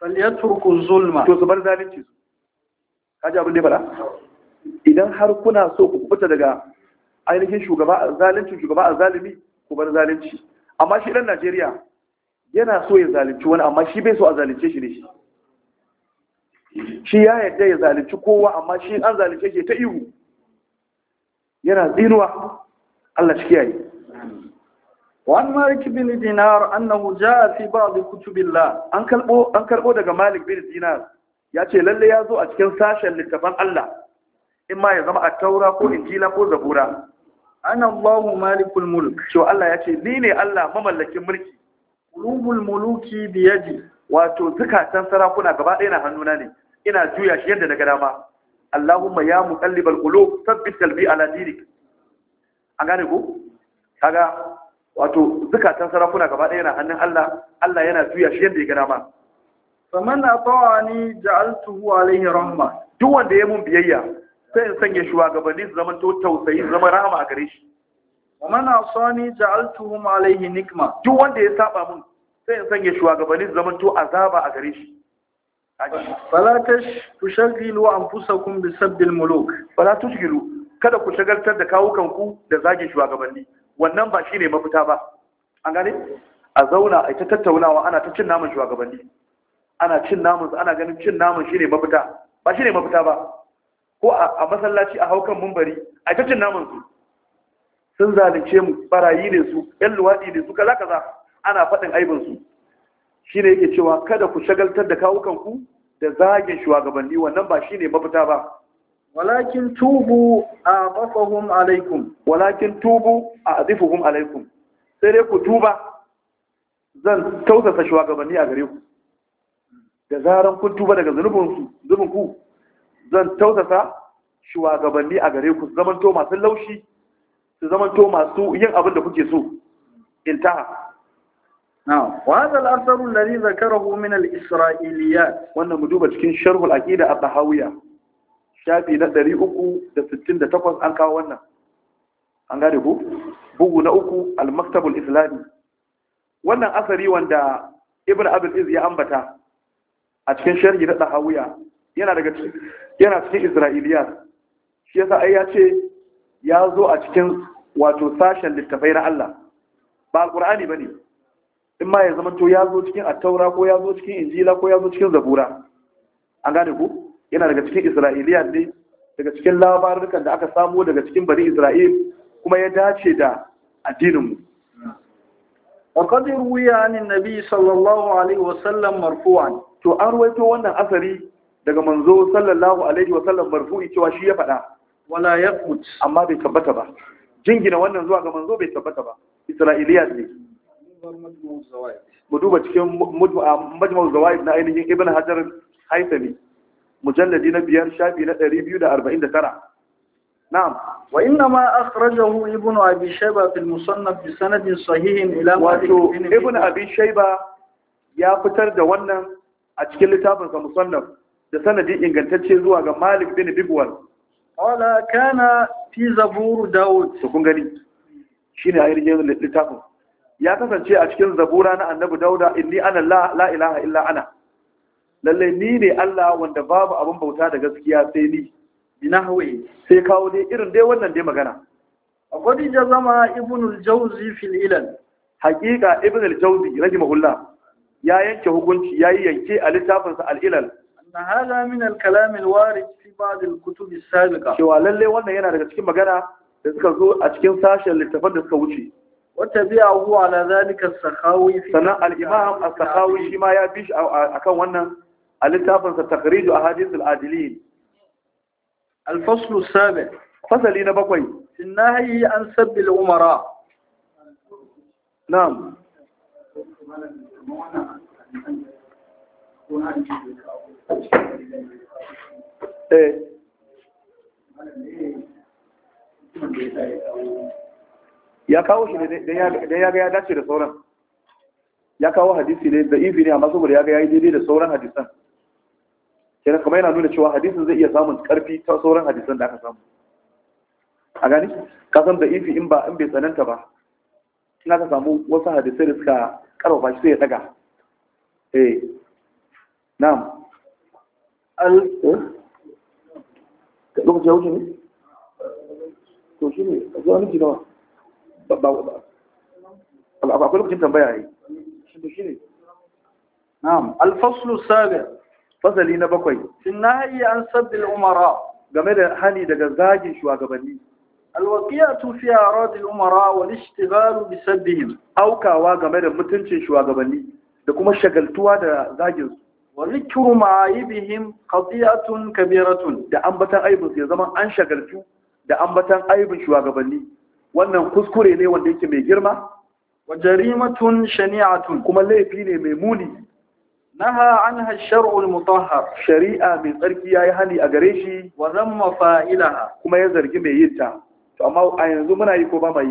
falyatruku zulma to su bar zalincin su kaji abin da fara idan har kuna so ku kubuta daga ainihin shugaba a zalincin shugaba a zalimi ku bar zalunci amma shi dan Najeriya yana so ya zalunci wani amma shi bai so a zalunce shi ne shi shi ya yadda ya zalunci kowa amma shi an zalunce shi ta ihu yana tsinuwa Allah shi kiyaye. Wan Malik bin Dinar annahu jaa ba ba'd billa. An kalbo an daga Malik bin ce lallai ya zo a cikin sashen littafin Allah. In ma ya zama a taura ko Injila ko Zabura. Ana Allahu Malikul Mulk. Cewa Allah yace ni ne Allah mamallakin mulki. Qulubul muluki bi yadi. Wato zakatan sarakuna gaba ɗaya na hannuna ne. Ina juya shi yadda na ga dama. Allahumma ya muqallibal qulub, thabbit qalbi ala dinik. an gane ku kaga wato zukatan sarakuna gaba ɗaya na hannun Allah Allah yana juya shi yadda ya gana ma faman atawani ja'altuhu alayhi rahma duk wanda ya mun biyayya sai in sanya shugabanni su zama tausayi su zama rahama a gare shi saman asani ja'altuhum alayhi nikma duk wanda ya saba mun sai in sanya shugabanni su zama to azaba a gare shi fala tash tushghilu anfusakum bisabdil muluk fala tushghilu kada ku shagaltar da kawukan ku da zagin shugabanni wannan ba shine mafita ba an gane a zauna a ta tattaunawa ana ta cin naman shugabanni ana cin naman ana ganin cin naman shine mafita ba shine mafita ba ko a masallaci a haukan mumbari a ta cin namun su sun zalunce mu barayi ne su yan luwaɗi ne su kaza kaza ana faɗin aibin su shine yake cewa kada ku shagaltar da kawukan ku da zagin shugabanni wannan ba shine mafita ba walakin tubu a ƙafahun alaikum walakin tubu a azifuhun alaikum sai dai ku tuba zan tausasa shugabanni a gare ku da zaran kun tuba daga zunubinku zan tausasa shugabanni a gare ku zamanto masu laushi su zamanto masu yin abin da kuke so intaha وهذا الأثر الذي ذكره من mu duba cikin كن شرح العقيدة الطهاوية shafi na ɗari uku da sittin da takwas an kawo wannan an gane ku bugu na uku al-maktabul islami wannan asari wanda ibn abul iz ya ambata a cikin sharhi na dahawiya yana daga yana cikin isra'iliyat shi yasa ai ya ce ya zo a cikin wato sashen littafai na Allah ba alqur'ani bane in ma ya zama to ya zo cikin at-taura ko ya zo cikin injila ko ya zo cikin zabura an gane ku yana daga cikin isra'iliya ne daga cikin labarukan da aka samo daga cikin bari isra'il kuma ya dace da addininmu وقد روي عن النبي صلى الله عليه وسلم مرفوعا to an ruwaito wannan asari daga manzo sallallahu alaihi wa sallam marfu'i cewa shi ya faɗa wala yaqut amma bai tabbata ba jingina wannan zuwa ga manzo bai tabbata ba isra'iliya ne mu duba cikin majmu'u zawaid na ainihin ibn hajar haitami mujalladi na biyar shafi na 249 na'am wa inna ma akhrajahu ibn abi shayba fil musannaf bi sanadin sahihin ila malik ibn abi shayba ya fitar da wannan a cikin littafin sa da sanadin ingantacce zuwa ga malik bin bibwal qala kana fi zabur daud to kun gani shine ayyukan littafin ya kasance a cikin zabura na annabi dauda inni ana la ilaha illa ana Lallai ni ne Allah wanda babu abin bauta da gaskiya sai ni ina hawe sai kawo dai irin dai wannan dai magana akwai zama ibn al-jawzi fil ilal haqiqa ibn al-jawzi rahimahullah ya yanke hukunci ya yi yanke a littafin sa al-ilal anna hada min al-kalam al-warid fi ba'd al-kutub as-sabiqa cewa lalle wannan yana daga cikin magana da suka zo a cikin sashen littafan da suka wuce Wata sana al-imam السخاوي sakhawi shi ma ya bi kan wannan. الاتفاق تقريد أحاديث العادلين الفصل السابع فصل فصلين بقوي النهي عن سب الأمراء نعم إيه يا كاوش دي دي يا دي يا يا كاوش حديثي دي ايفيني اما سوبر يا دي دي دي سوران حديثا kenan kuma yana nuna cewa hadisin zai iya samun karfi ta sauran hadisan da aka samu a gani kasan da ifi in ba in bai tsananta ba in ka samu wasu hadisai da suka karfafa shi sai ya daga eh na'am al eh lokaci ya wuce ne to shi ne a zuwa miki nawa ba ba akwai lokacin tambaya yi shi ne na'am al-faslu sabi' fasali na bakwai shin na hayya an sabbil umara game da hani daga zagin shugabanni alwaqiyatu fi arad al-umara wal ishtighal bi sabbihim aukawa game da mutuncin shugabanni da kuma shagaltuwa da zagin su wa zikru ma'aibihim qadiyatun kabiratun da ambatan aibin ya zama an shagaltu da ambatan aibin shugabanni wannan kuskure ne wanda yake mai girma wa jarimatun shani'atun kuma laifi ne mai muni naha an shar'ul mutahhar shari'a mai tsarki yi hali a gare shi wa zamma fa'ilaha kuma ya zargi mai yin ta to amma a yanzu muna yi ko ba mai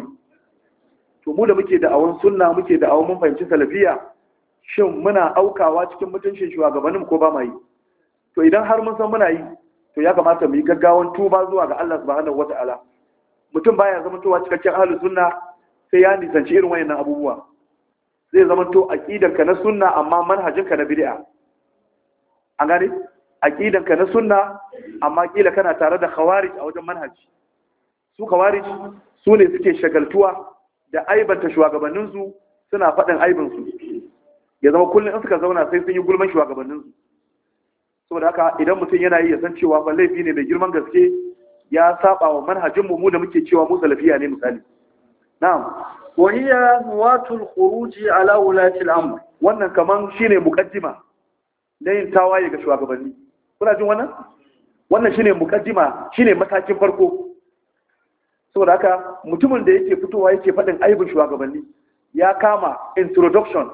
to mu da muke da awon sunna muke da awon mun fahimci salafiya shin muna aukawa cikin mutuncin shugabannin ko ba mai to idan har mun san muna yi to ya kamata mu yi gaggawan tuba zuwa ga Allah subhanahu wataala mutum baya zama towa cikakken ahlus sunna sai ya nisanci irin wayannan abubuwa zai zama to aqidanka na sunna amma manhajinka na bid'a an gane aqidanka na sunna amma kila kana tare da khawarij a wajen manhaji su khawarij su ne suke shagaltuwa da aibanta shugabannin su suna faɗin aibinsu. ya zama kullum in suka zauna sai sun yi gulman shugabannin su saboda haka idan mutum yana yi ya san cewa fa laifi ne mai girman gaske ya saba wa manhajin mu da muke cewa mu salafiya ne misali na'am wa hiya nuwatul khuruji ala wulati al-amr wannan kaman shine muqaddima na yin tawaye ga shugabanni kuna jin wannan wannan shine muqaddima shine matakin farko saboda haka mutumin da yake fitowa yake faɗin aibin shugabanni ya kama introduction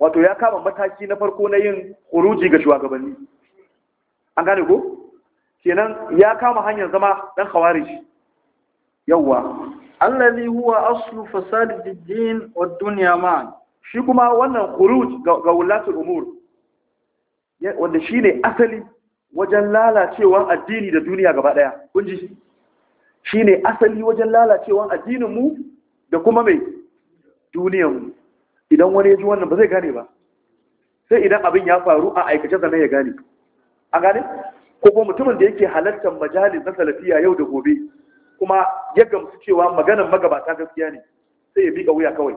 wato ya kama mataki na farko na yin kuruji ga shugabanni an gane ko kenan ya kama hanyar zama dan khawarij yawa allazi huwa aslu fasad ad-din wa dunya ma shi kuma wannan khuruj ga wulatul umur wanda shine asali wajen lalacewa addini da duniya gaba daya kun ji shine asali wajen lalacewa addinin mu da kuma mai duniyar mu idan wani ya ji wannan ba zai gane ba sai idan abin ya faru a aikace zanen ya gane an gane ko kuma mutumin da yake halartar majalis na salafiya yau da gobe kuma ya gamsu cewa maganar magabata gaskiya ne sai ya miƙa wuya kawai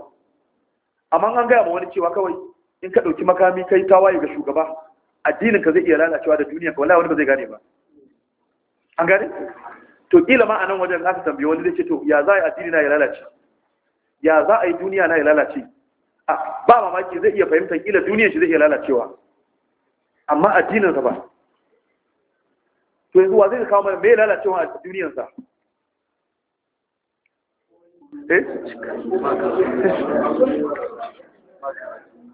amma an gaya ma wani cewa kawai in ka ɗauki makami kai waye ga shugaba addinin ka zai iya lalacewa da duniya ka wallahi wani ba zai gane ba an gane to kila ma a nan wajen aka tambaye wani zai ce to ya za a yi addini na ya lalace ya za a yi duniya na ya lalace a ba mamaki zai iya fahimtar kila duniyar shi zai iya lalacewa amma addinin sa ba to yanzu wa zai kawo mana me lalacewa a duniyar sa Eh?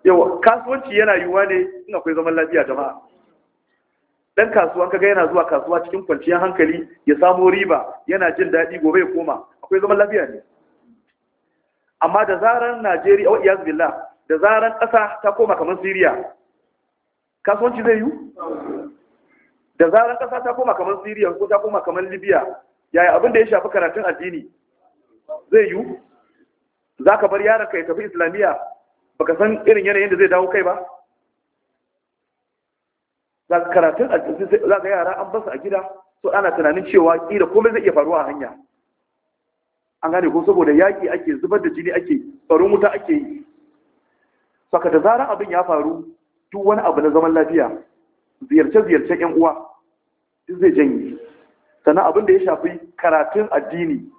yawa kasuwanci yana yiwuwa ne in akwai zaman lafiya jama'a dan kasuwa kaga yana zuwa kasuwa cikin kwanciyar hankali ya samo riba yana jin daɗi gobe ya koma akwai zaman lafiya ne amma da zarar Najeriya wa iyaz billah da zarar ƙasa ta koma kamar Siriya, kasuwanci zai yiwu da zarar ƙasa ta koma kamar Siriya, ko ta koma kamar Libya yaya abin da ya shafi karatun addini zai yiwu za ka bar yaran ka ya tafi islamiyya ba ka san irin yanayin da zai dawo kai ba za ka karatun za ka yara an basu a gida so ana tunanin cewa ƙira komai zai iya faruwa a hanya an gane ko saboda yaƙi ake zubar da jini ake tsaron wuta ake yi saka da zarar abin ya faru duk wani abu na zaman lafiya ziyarce-ziyarce 'yan uwa duk zai janye sannan abin da ya shafi karatun addini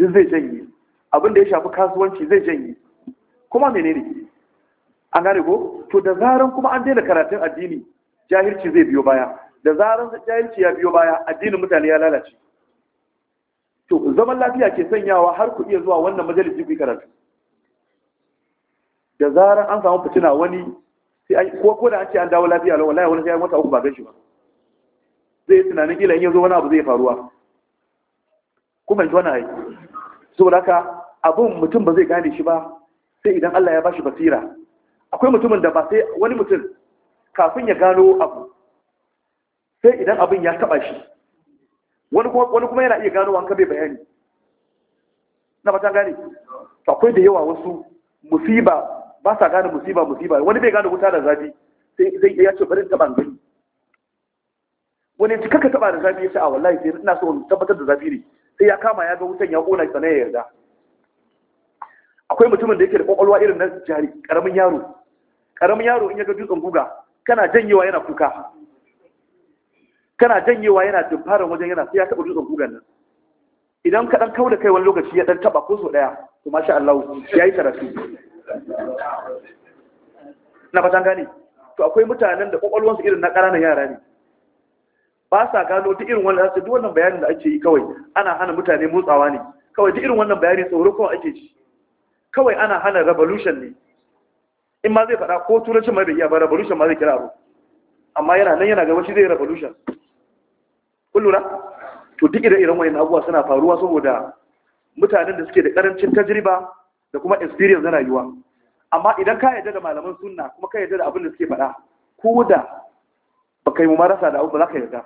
duk zai janye abin da ya shafi kasuwanci zai janye kuma menene an gane ko to da zaran kuma an daina karatun addini jahilci zai biyo baya da zaran jahilci ya biyo baya addinin mutane ya lalace to zaman lafiya ke sanyawa har ku iya zuwa wannan majalisi ku karatu da zaran an samu fitina wani sai ko ko da an an dawo lafiya lawan wallahi wani sai wata uku ba gan shi ba zai tunanin kila in yazo wani abu zai faruwa kuma ji wani ai saboda haka abin mutum ba zai gane shi ba sai idan Allah ya bashi basira akwai mutumin da ba sai wani mutum kafin ya gano abu sai idan abin ya taba shi wani kuma yana iya gano wanka bai bayani na batan gane akwai da yawa wasu musiba ba sa gane musiba musiba wani bai gane wuta da zafi sai ya ce barin taban gani wani ci kaka taba da zafi ya ce a ah, wallahi sai ina so tabbatar da zafi ne sai ya kama ya ga wutan ya kona sannan ya yarda akwai mutumin da yake da kwakwalwa irin na jari karamin yaro karamin yaro in ya ga dutsen guga kana janyewa yana kuka kana janyewa yana dumfarin wajen yana sai ya taɓa dutsen gugan nan idan ka ɗan kauda kai wani lokaci ya ɗan taɓa ko so ɗaya to masha Allah ya yi karatu na fatan gane to akwai mutanen da kwakwalwansu irin na ƙananan yara ne ba sa gano duk irin wannan su duk wannan bayanin da ake yi kawai ana hana mutane motsawa ne kawai duk irin wannan bayani tsoro kawai ake ci kawai ana hana revolution ne in ma zai faɗa ko turancin ma bai iya ba revolution ma zai kira abu amma yana nan yana gaba shi zai revolution kun lura to duk da irin wannan abubuwa suna faruwa saboda mutanen da suke da karancin tajriba da kuma experience na rayuwa amma idan ka yarda da malaman sunna kuma ka yarda da abin da suke faɗa ko da baka yi mu marasa da abu ba za ka yarda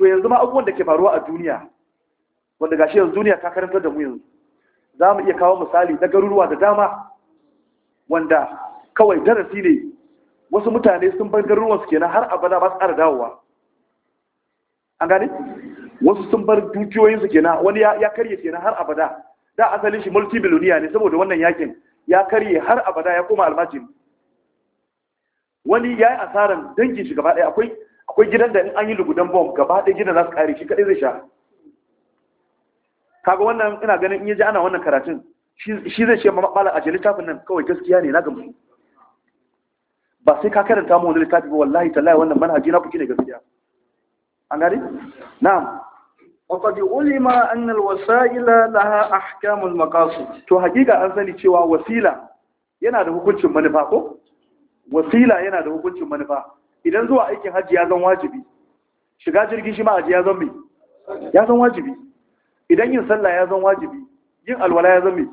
to yanzu ma abubuwan da ke faruwa a duniya wanda gashi yanzu duniya ta karantar da mu yanzu za mu iya kawo misali na garuruwa da dama wanda kawai darasi ne wasu mutane sun bar su kenan har abada ba su ƙara dawowa an gane wasu sun bar dukiyoyin dukiyoyinsu kenan wani ya karye kenan har abada da asalin shi multi biloniya ne saboda wannan yakin ya karye har abada ya koma almajin wani ya yi asaran dangin shi gaba ɗaya akwai akwai gidan da in an yi lugudan bom gaba ɗaya gidan za su kare shi kaɗai zai sha kaga wannan ina ganin in ya ana wannan karatun shi zai ce ma malam aje littafin nan kawai gaskiya ne na gamsu ba sai ka karanta mu wani littafi ba wallahi tallahi wannan manhaji na kuke ne gaskiya an gani na'am an al علم laha ahkam al maqasid To hakika an sani cewa wasila yana da hukuncin manufa ko wasila yana da hukuncin manufa idan zuwa aikin hajji ya zan wajibi shiga jirgin shi ma'aji ya zan mai ya zan wajibi idan yin sallah ya zan wajibi yin alwala ya zan mai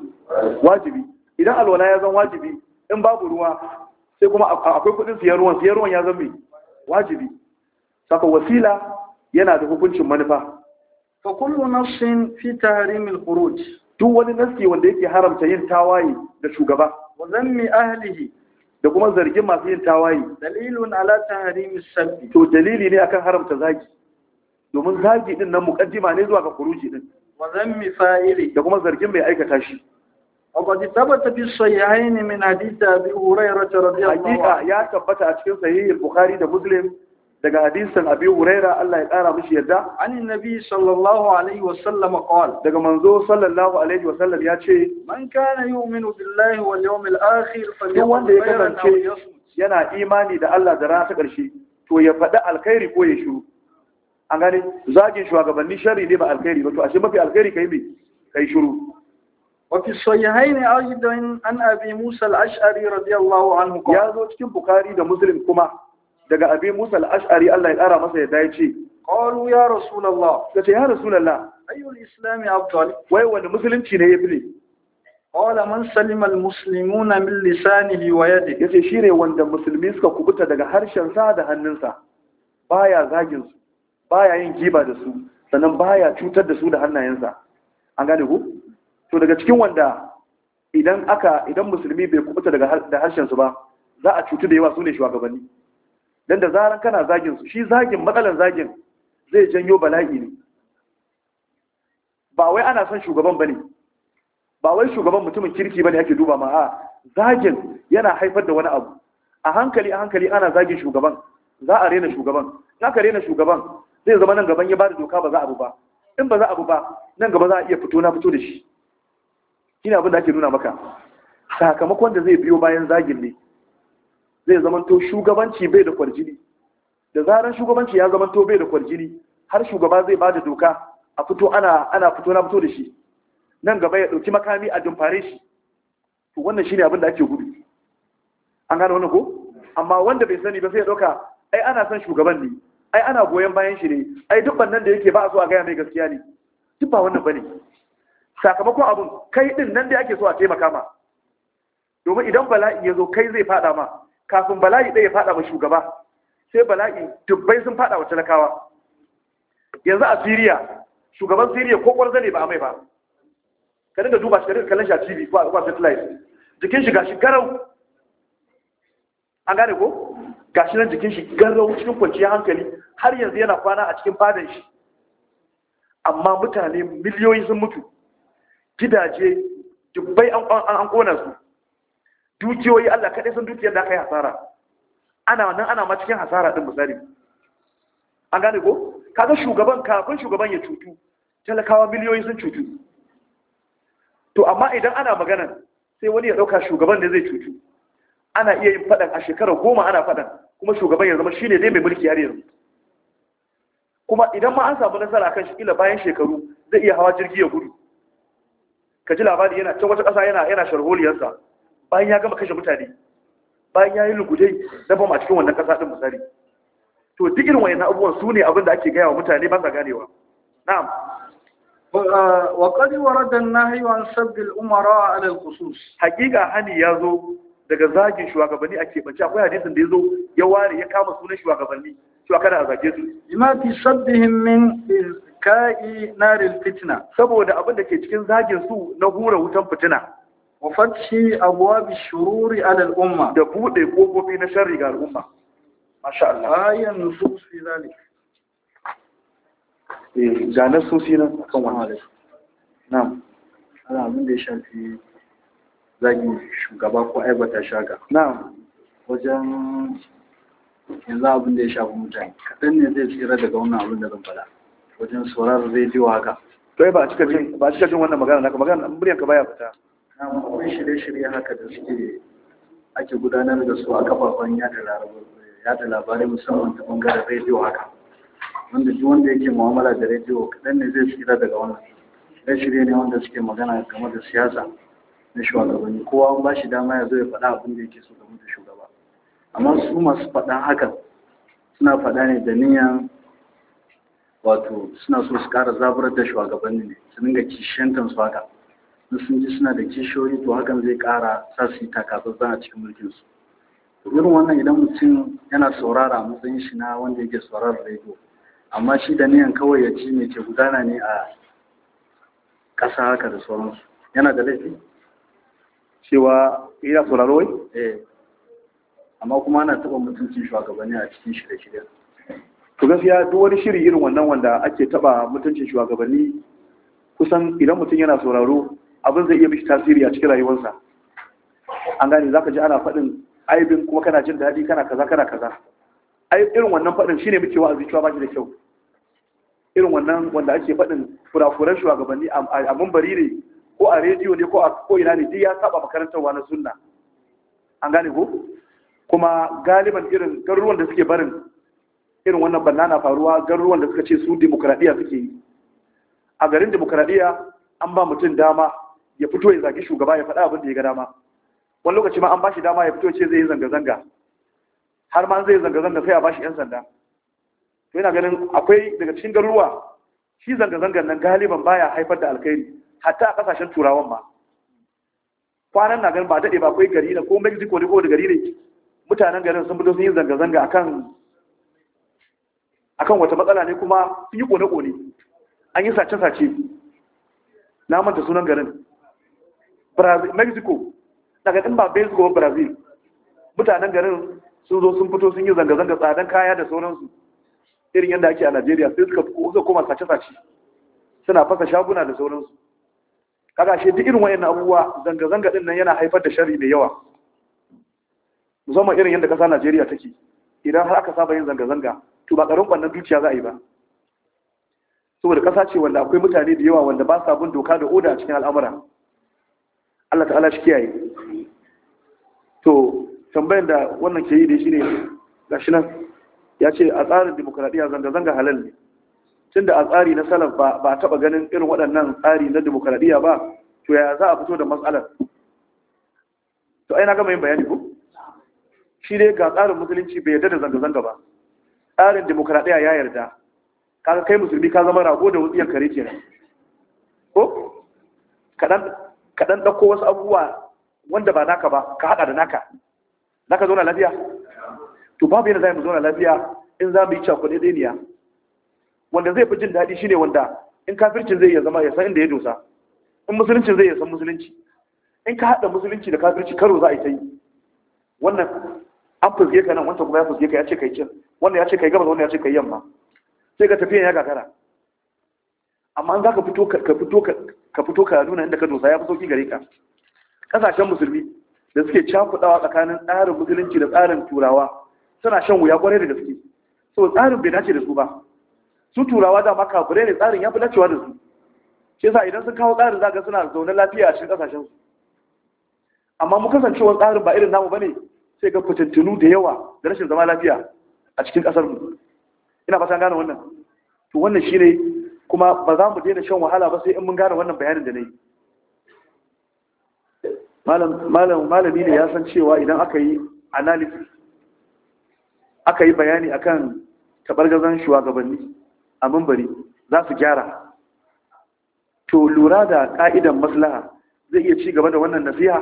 wajibi idan alwala ya zan wajibi in babu ruwa sai kuma akwai kudin siyan ruwan ruwan ya zan mai wajibi saka wasila yana da hukuncin manufa fa kullu nafsin fi tahrimil khuruj duk wani nafsi wanda yake haramta yin tawaye da shugaba wa zammi ahlihi da kuma zargin masu yin tawaye dalilun ala tahrimi sabbi to dalili ne akan haramta zagi domin zagi din nan mukaddima ne zuwa ga kuruji din wa zammi fa'ili da kuma zargin mai aikata shi وقد ثبت في bi من min ابي هريره رضي radiyallahu anhu ya tabbata a cikin sahih bukhari da muslim daga hadisin abi huraira Allah ya kara mishi yadda anin nabi sallallahu alaihi wasallam qala daga manzo sallallahu alaihi wasallam ya ce man kana yu'minu billahi wal yawmil akhir falyakun ya kasance yana imani da Allah da rana ta karshe to ya faɗi alkhairi ko ya shiru an gane zagin shugabanni sharri ne ba alkhairi ba to ashe mafi alkhairi kai me kai shiru وفي الصحيحين أيضا عن أبي موسى الأشعري رضي الله عنه قال يا زوج كم بخاري ده مسلم كما daga abin musa al'ash'ari Allah ya ƙara masa yadda ya ce ƙaru ya rasulallah ya ce ya rasulallah ayyul islami abdul wai wani musulunci ne ya fi ne ƙwala man salimal na min lisanihi wa yadi ya ce shi ne wanda musulmi suka kubuta daga harshensa da hannunsa ba ya zagin su ya yin giba da su sannan ba ya cutar da su da hannayensa an gane ku to daga cikin wanda idan aka idan musulmi bai kubuta daga harshen harshensu ba za a cutu da yawa su ne shugabanni dan da zaran kana zagin su shi zagin matsalan zagin zai janyo bala'i ne ba wai ana son shugaban bane ba wai shugaban mutumin kirki bane yake duba ma a zagin yana haifar da wani abu a hankali a hankali ana zagin shugaban za a rena shugaban za ka rena shugaban zai zama nan gaban ya bada doka ba za a ba in ba za abu ba nan gaba za a iya fito na fito da shi Kina abin da ake nuna maka sakamakon da zai biyo bayan zagin ne zai zamanto shugabanci bai da kwarjini da zaran shugabanci ya zamanto bai da kwarjini har shugaba zai bada doka a fito ana ana fito na fito da shi nan gaba ya dauki makami a dumfare shi to wannan shine abin da ake gudu an gane wannan ko amma wanda bai sani ba sai ya dauka ai ana son shugaban ne ai ana goyon bayan shi ne ai duk bannan da yake ba a so a gaya mai gaskiya ne duk ba wannan bane sakamakon abun kai din nan da ake so a taimaka ma domin idan bala'i ya zo kai zai fada ma kafin bala'i ɗaya ya faɗa wa shugaba sai bala'i dubbai sun faɗa wa talakawa yanzu a siriya shugaban siriya ko ƙwarza ne ba a mai ba ka dinga duba shi ka dinga kallon shi a tv ko a kwa satellite jikin shi gashi garau an gane ko gashi nan jikin shi garau cikin kwanciyar hankali har yanzu yana kwana a cikin fadan shi amma mutane miliyoyi sun mutu gidaje dubbai an kona su dukiyoyi Allah kaɗai sun dukiyar da aka yi hasara ana wannan ana ma cikin hasara ɗin misali an gane ko kaga shugaban kafin shugaban ya cutu talakawa miliyoyi sun cutu to amma idan ana magana sai wani ya ɗauka shugaban da zai cutu ana iya yin faɗan a shekara goma ana faɗan kuma shugaban ya zama shine dai mai mulki har yanzu kuma idan ma an samu nasara kan shi ila bayan shekaru zai iya hawa jirgi ya gudu ka ji labari yana can wata ƙasa yana yana sharholiyarsa bayan ya gama kashe mutane bayan ya yi lugudai na a cikin wannan ƙasa ɗin musari to duk irin wayannan abubuwan su ne abin da ake gaya wa mutane ba ganewa na'am wa qad warada an na sabbin Umarawa umara ala al hakika hani yazo daga zagin shugabanni ke bace akwai hadisin da ya zo, ya ware ya kama sunan shugabanni a kada a zage su ima fi sabbihim min izka'i naril fitna saboda abin da ke cikin zagin su na hura wutan fitina wa fathi abwab ash-shururi 'ala al-umma da bude kofofi na sharri ga al'umma masha Allah ayan nusus fi zalik eh ga nasusi nan kan wannan na'am ana abin da ya shafi zagin shugaba ko aibata shaga na'am wajen yanzu abin da ya shafi mutane kaɗan ne zai tsira daga wannan abin da zan faɗa wajen sauraron rediyo haka to ba a cika jin wannan magana naka magana muryanka baya fita akwai shirye-shirye haka da suke ake gudanar da su a kafafen yada labarai musamman ta bangaren rediyo haka wanda duk wanda yake mu'amala da rediyo kaɗan ne zai tsira daga wannan shirye-shirye ne wanda suke magana game da siyasa na shugabanni kowa an ba shi dama ya zo ya faɗa abin da yake so game da shugaba amma su masu faɗan hakan suna faɗa ne da niyan wato suna so su ƙara zaburar da shugabanni ne su dinga kishiyantar su haka sun ji suna da kishiyoyi to hakan zai ƙara sa su yi takatsantsan a cikin mulkinsu irin wannan idan mutum yana saurara matsayin shi na wanda yake saurar rediyo amma shi da niyan kawai ya ci mai ke gudana ne a ƙasa haka da sauransu yana da laifi cewa ina sauraro wai eh amma kuma ana taɓa mutuncin shugabanni a cikin shirye-shiryen to gaskiya duk wani shiri irin wannan wanda ake taɓa mutuncin shugabanni kusan idan mutum yana sauraro abin zai iya mishi tasiri a cikin rayuwarsa an gane za ka ji ana faɗin aibin kuma kana jin daɗi kana kaza kana kaza irin wannan faɗin shine muke wa'azi cewa ba shi da kyau irin wannan wanda ake faɗin furafuran shugabanni a mambari ne ko a rediyo ne ko a ko'ina ne duk ya saba makarantarwa na sunna an gane ko kuma galiban irin garuruwan da suke barin irin wannan banna na faruwa garuruwan da suka ce su demokradiyya suke yi a garin demokradiyya an ba mutum dama ya fito ya zagi shugaba ya faɗa abin da ya ga dama wani lokaci ma an bashi dama ya fito ce zai yi zanga-zanga har ma zai zanga-zanga sai a bashi 'yan sanda to yana ganin akwai daga cikin garuruwa shi zanga-zangan nan galiban baya haifar da alkhairi hatta a kasashen turawan ma kwanan na ganin ba daɗe ba akwai gari na ko mexico ne ko da gari ne mutanen garin sun fito sun yi zanga-zanga akan akan wata matsala ne kuma sun yi kone-kone an yi sace-sace na manta sunan garin brazil mexico daga tun ba mexico ba brazil mutanen garin sun zo sun fito sun yi zanga-zanga tsadan kaya da sauransu irin yadda ake a najeriya sai suka koma sace-sace suna fasa shaguna da sauransu kaga shi duk irin wayannan abubuwa zanga-zanga din nan yana haifar da shari mai yawa musamman irin yadda kasa Najeriya take idan har aka saba yin zanga-zanga to ba karin kwannan dukiya za a yi ba saboda kasa ce wanda akwai mutane da yawa wanda ba sa bin doka da oda a cikin al'amura Allah ta'ala shi kiyaye to tambayar da wannan ke yi da shi ne gashi nan ya ce a tsarin demokradiyya zanga-zanga halal ne tun da a tsari na salaf ba a taɓa ganin irin waɗannan tsari na demokradiyya ba to yaya za a fito da matsalar to ai na gama yin bayani ko shi dai ga tsarin musulunci bai yarda da zanga-zanga ba tsarin demokradiyya ya yarda kaga kai musulmi ka zama rago da wutsiyar kare kenan ko kaɗan ka ɗan ɗauko wasu abubuwa wanda ba naka ba ka haɗa da naka naka zauna lafiya to babu yadda za mu zauna lafiya in za mu yi cakwale ɗaniya wanda zai fi jin daɗi shine wanda in kafircin zai iya zama ya san inda ya dosa in musuluncin zai iya san musulunci in ka haɗa musulunci da kafirci karo za a yi ta yi wannan an fuske ka nan wancan kuma ya fuske ka ya ce kai cin wannan ya ce kai gaba, wannan ya ce kai yamma sai ka tafiya ya gagara amma an za ka fito ka fito ka fito ka nuna inda ka dosa ya fi sauki gare ka kasashen musulmi da suke cakudawa tsakanin tsarin musulunci da tsarin turawa suna shan wuya kwarai da gaske so tsarin bai dace da su ba su turawa da maka kure ne tsarin ya fi dacewa da su shi yasa idan sun kawo tsarin zaka suna zaune lafiya a cikin kasashen su amma mu kasancewar tsarin ba irin namu bane sai ga fitattunu da yawa da rashin zama lafiya a cikin kasar mu ina fata gane wannan to wannan shine kuma ba za mu daina shan wahala ba sai in mun gane wannan bayanin da na yi malami ne ya san cewa idan aka yi analysis aka yi bayani akan tabargazan shugabanni a mambari za su gyara to lura da ka'idan maslaha zai iya ci gaba da wannan nasiha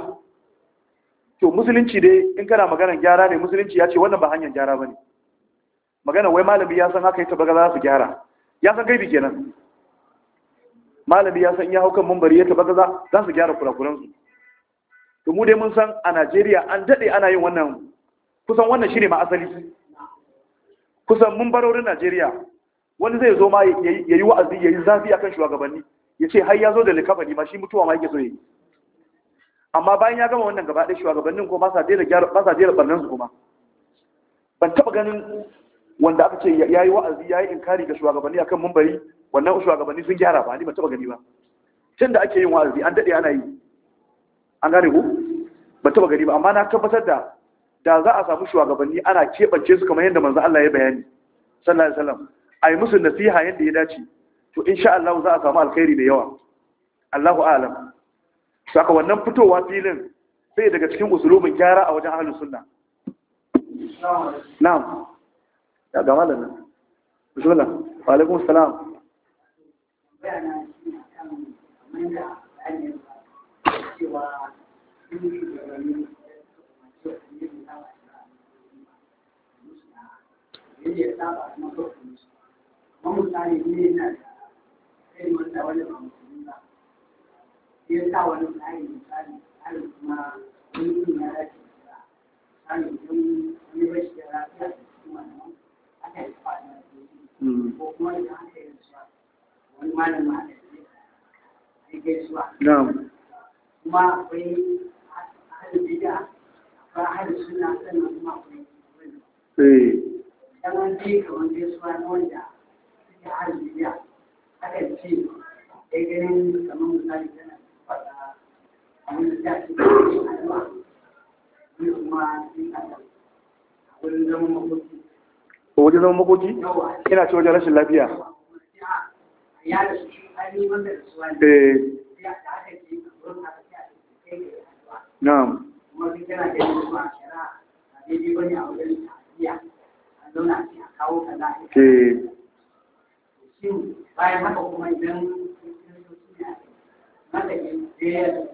to musulunci dai in kana maganar gyara ne musulunci ya ce wannan ba hanyar gyara ba ne maganar wai malami ya san haka yi tabargaza za su gyara ya san gaibi kenan malami ya san ya hau kan mambari ya taba kaza za su gyara kurakuransu to mu dai mun san a Najeriya an daɗe ana yin wannan kusan wannan shine ma asali kusan mun Najeriya wani zai zo ma ya yi wa'azi ya yi zafi akan shugabanni ya ce har ya zo da likafani ma shi mutuwa ma yake so yi amma bayan ya gama wannan gaba ɗaya shugabannin ko ba sa daina su kuma ban taɓa ganin wanda aka ce ya yi wa'azi ya yi inkari ga shugabanni akan mumbari wannan shugabanni sun gyara ba ni ba taba gani ba tun da ake yin wa'azi an daɗe ana yi an gane ku ba taba gani ba amma na tabbatar da da za a samu shugabanni ana keɓance su kamar yadda manzo Allah ya bayani sallallahu alaihi wasallam a yi musu nasiha yadda ya dace to insha Allah za a samu alkhairi da yawa Allahu a'lam saka wannan fitowa filin sai daga cikin usulubin gyara a wajen ahlus sunna na'am ya ga malamin bismillah wa alaikum assalam ya Na'am. Kuma akwai hada bida, akwai hada suna sannan kuma faɗa a kuma wurin zama makwabci ko wajen zama makoki ina ce wajen rashin lafiya eh na'am eh ya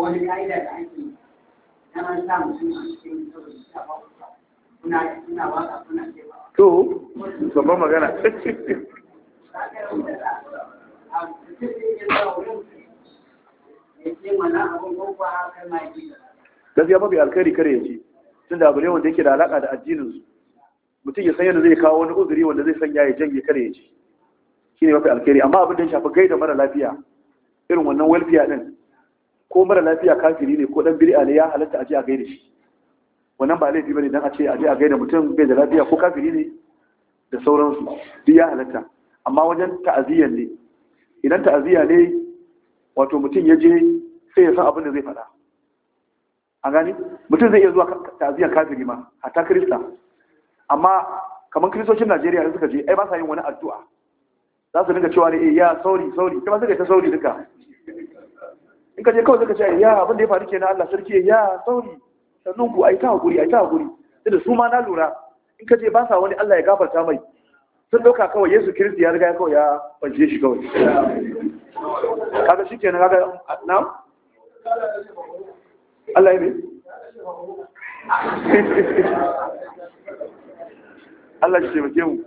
wani ka'ida da ake babban magana gaskiya mafi alkhairi kare ya ce tun da abu wanda yake da alaƙa da su, mutum ya san yadda zai kawo wani uzuri wanda zai sanya ya janye kare ya ce shi ne mafi alkhairi amma abin da ya shafi gaida mara lafiya irin wannan walfiya din ko mara lafiya kafiri ne ko dan bir'a ne ya halatta a je a gaida shi wannan ba laifi bane dan a ce a je a gaida mutum bai da lafiya ko kafiri ne da sauransu duk ya halatta amma wajen ta'aziyyar ne idan ta'aziyya ne wato mutum ya je sai ya san abin da zai faɗa a gani mutum zai iya zuwa ta'aziyyar kafiri ma a ta kirista amma kamar kiristocin najeriya da suka je ai ba sa yin wani addu'a za su dinga cewa ne eh ya sauri sauri kuma suka ta sauri duka in ka je kawai suka ce ya abin da ya faru kenan Allah sarki ya sauri sannan ku ai ta hakuri ai ta hakuri da su ma na lura in ka ce ba sa wani Allah ya gafarta mai sun ɗauka kawai Yesu Kiristi ya riga ya kawai ya fanje shi kawai kaga shi kenan kaga na Allah ya ne Allah shi taimake mu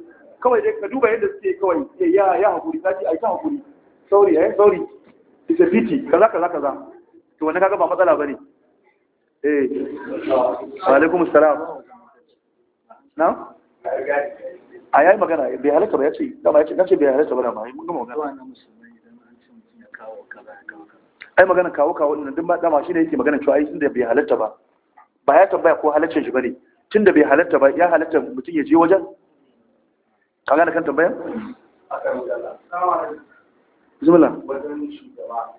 kawai dai ka duba yadda suke kawai eh, ya ya hakuri ta ce ai ta hakuri sauri eh sauri Ita fiti kaza kaza kaza to wannan kaga ba matsala bane eh wa alaikumus salam na? a yayi magana bai halatta ba ya ce dama ya ce nace bai halatta ba magana ai magana kawo kawo din dama shi ne yake magana cewa ai da bai halatta ba ba ya tambaya ko halaccin shi tun da bai halatta ba ya halatta mutum ya je wajen ka gane kan tambayan wajen shugaba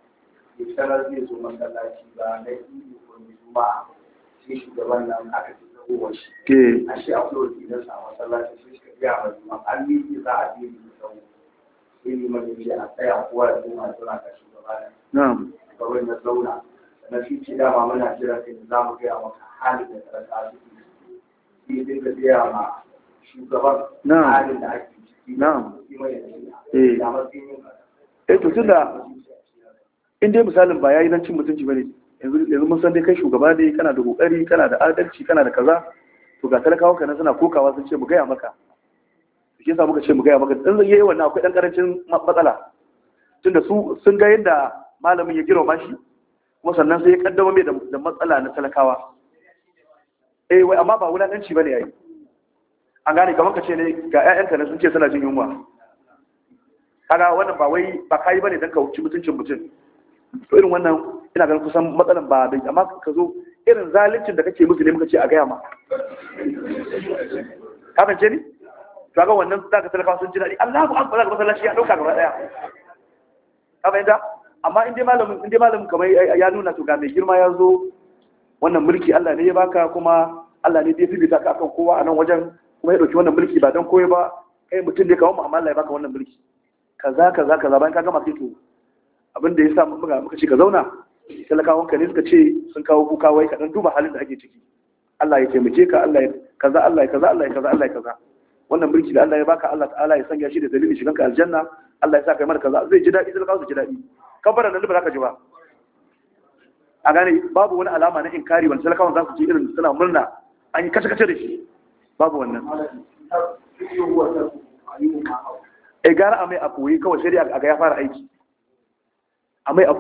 ya zai zo ba na ba sai shugaban nan aka ce a shi a kulo da masallaci shi suka biya mai an za a biya yi a tsaya kowa da kuma a zauna na shi za mu gaya maka halin da karanta shugaban da ake ya eh. da Eh to tunda in dai misalin ba ya yi nan cin mutunci ba ne yanzu mun san dai kai shugaba ne kana da kokari kana da adalci kana da kaza to ga talakawa kana suna kokawa sun ce mu gaya maka to shi yasa muka ce mu gaya maka dan yi wannan akwai dan karancin matsala tunda su sun ga yadda malamin ya girma shi kuma sannan sai ya kaddama mai da matsala na talakawa eh wai amma ba wulaƙanci bane yayi an gane kamar ka ce ne ga ƴaƴanka ne sun ce suna jin yunwa kaga wannan ba wai ba kai bane dan ka wuce mutuncin mutum to irin wannan ina ganin kusan matsalan ba da amma ka zo irin zalincin da kake musu ne muka ce a gaya ma ka ce ni to ga wannan za ka talakawa sun ji daɗi Allahu akbar ka masallaci ya ɗauka gaba ɗaya ka fahimta amma in dai malamin in dai malamin kamar ya nuna to ga mai girma ya zo wannan mulki Allah ne ya baka kuma Allah ne ya fifita ka akan kowa a nan wajen kuma ya ɗauki wannan mulki ba don koyi ba kai mutum ne kawai mu amma Allah ya baka wannan mulki kaza kaza kaza bayan ka gama sai to abin da ya sa muka muka ce ka zauna talakawan ka ne suka ce sun kawo kuka wai kaɗan duba halin da ake ciki Allah ya taimake ka Allah ya kaza Allah ya kaza Allah ya kaza Allah ya kaza wannan mulki da Allah ya baka Allah ta'ala ya sanya shi da dalilin shigan ka aljanna Allah ya sa kai mara kaza zai ji daɗi talakawa su ji daɗi kabarin nan ba za ji ba a gane babu wani alama na inkari wani talakawan za su ji irin suna murna an yi kace-kace da shi babu wannan e gara a mai a koyi kawai shari'a a ga ya fara aiki a mai a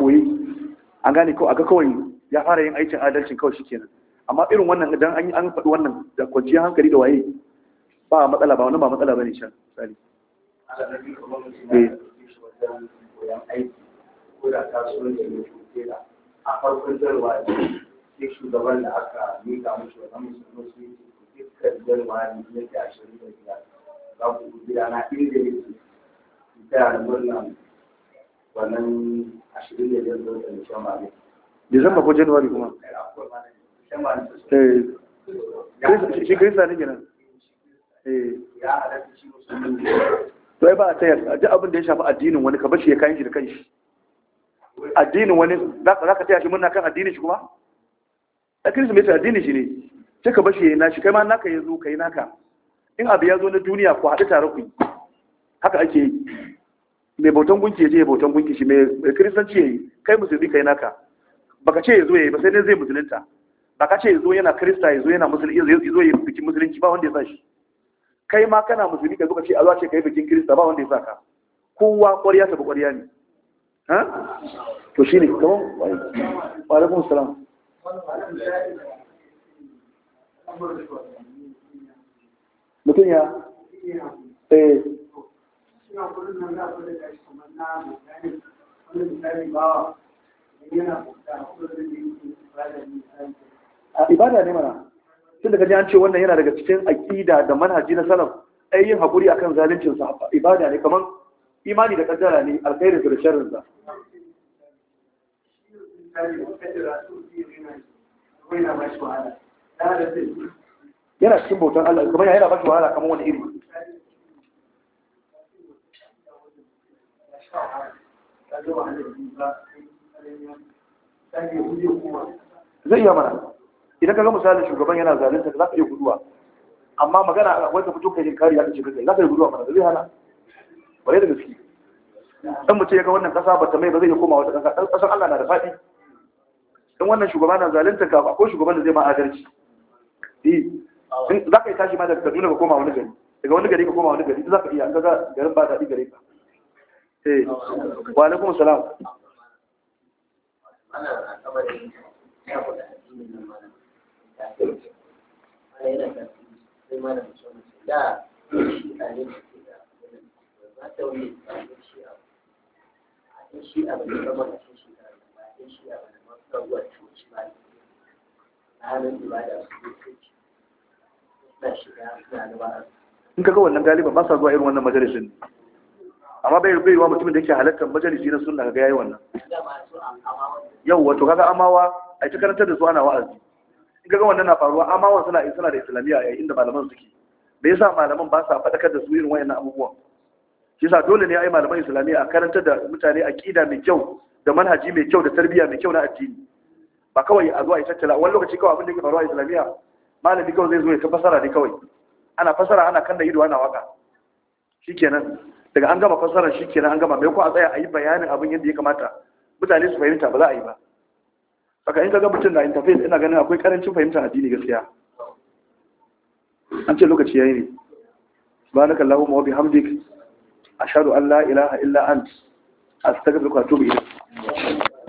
an gane ko aga kawai ya fara yin aikin adalcin kawai shikenan amma irin wannan idan an yi an faɗi wannan da kwanciyar hankali da waye ba matsala ba wani ba matsala bane shan misali a farkon zarwa sai shugaban da aka mika mushi wannan musulmi su yi dukkan da biyar za ku da na inda ke da wannan ashirin da zo da Disamba ne. Disamba ko Januwari kuma? Eh, eh, shi Kirista ne kenan. Eh, ya halatta shi musulmi. To ba a tayar, duk abin da ya shafi addinin wani ka bashi ya kayan shi da shi. Addinin wani za ka taya shi murna kan addinin shi kuma? A Kirsimeti addinin shi ne, sai ka bashi ya yi nashi, kai ma naka ya zo ka yi naka. In abu ya zo na duniya ku haɗu tare ku yi. Haka ake yi. mai bautan gunki ya je bautan gunki shi mai kiristanci ya yi kai musulmi kai naka baka ce ya zo ya yi ba sai dai zai musulunta baka ce ya zo yana kirista ya zo yana musulmi ya zo ya bikin musulunci ba wanda ya sa shi kai ma kana musulmi ka zo ka ce a ce kai bikin kirista ba wanda ya sa ka kowa ƙwarya ta bi ne ha to shine kamar wa alaikum ya eh suna kudin nan za su shi kamar na wani misali yana da ibada ne a ibada ne mana tun daga an ce wannan yana daga cikin aƙida da manhaji na salaf ai yin haƙuri akan zaluncin sa ibada ne kamar imani da kaddara ne alkhairin da sharrin sa yana cikin bautan Allah kuma yana ba shi wahala kamar wani iri zai yi mana idan ka ga misalin shugaban yana zalinta za ka yi guduwa amma magana wata fito kai kari ya ce kai za ka yi guduwa mana zai hana bare da gaske dan mutum ya ga wannan kasa ba ta mai ba zai koma wata kasa dan kasan Allah na da fadi dan wannan shugaba na zalinta ka ba ko shugaban da zai ma adalci eh za ka yi tashi ma daga Kaduna ka koma wani gari daga wani gari ka koma wani gari za ka iya an ga garin ba daɗi gare ka Eh, wa alaikum salam in kaga wannan galiba ba sa zuwa irin wannan majalisun amma bai bai wa mutumin da yake halartar majalisi na sunna ga yayi wannan yau wato kaga amawa a ta karantar da su ana wa'azi in kaga wannan na faruwa amawa suna suna da islamiyya yayin inda malaman suke me yasa malaman ba sa fadakar da su irin wayannan abubuwan shi yasa dole ne ai malaman islamiyya a karantar da mutane aqida mai kyau da manhaji mai kyau da tarbiyya mai kyau na addini ba kawai a zo a yi tattala wani lokaci kawai abin da yake faruwa a islamiyya malami kawai zai zo ya ta fasara ne kawai ana fasara ana kan da ido ana waka shikenan daga an gama fassara shi kenan an gama mai ko a tsaya a yi bayanin abin yadda ya kamata mutane su fahimta ba za a yi ba saka in kaga mutum na interface ina ganin akwai karancin fahimtar addini gaskiya an ce lokaci yayi ne subhanaka allahumma wa bihamdik ashhadu an la ilaha illa ant astaghfiruka wa atubu ilayk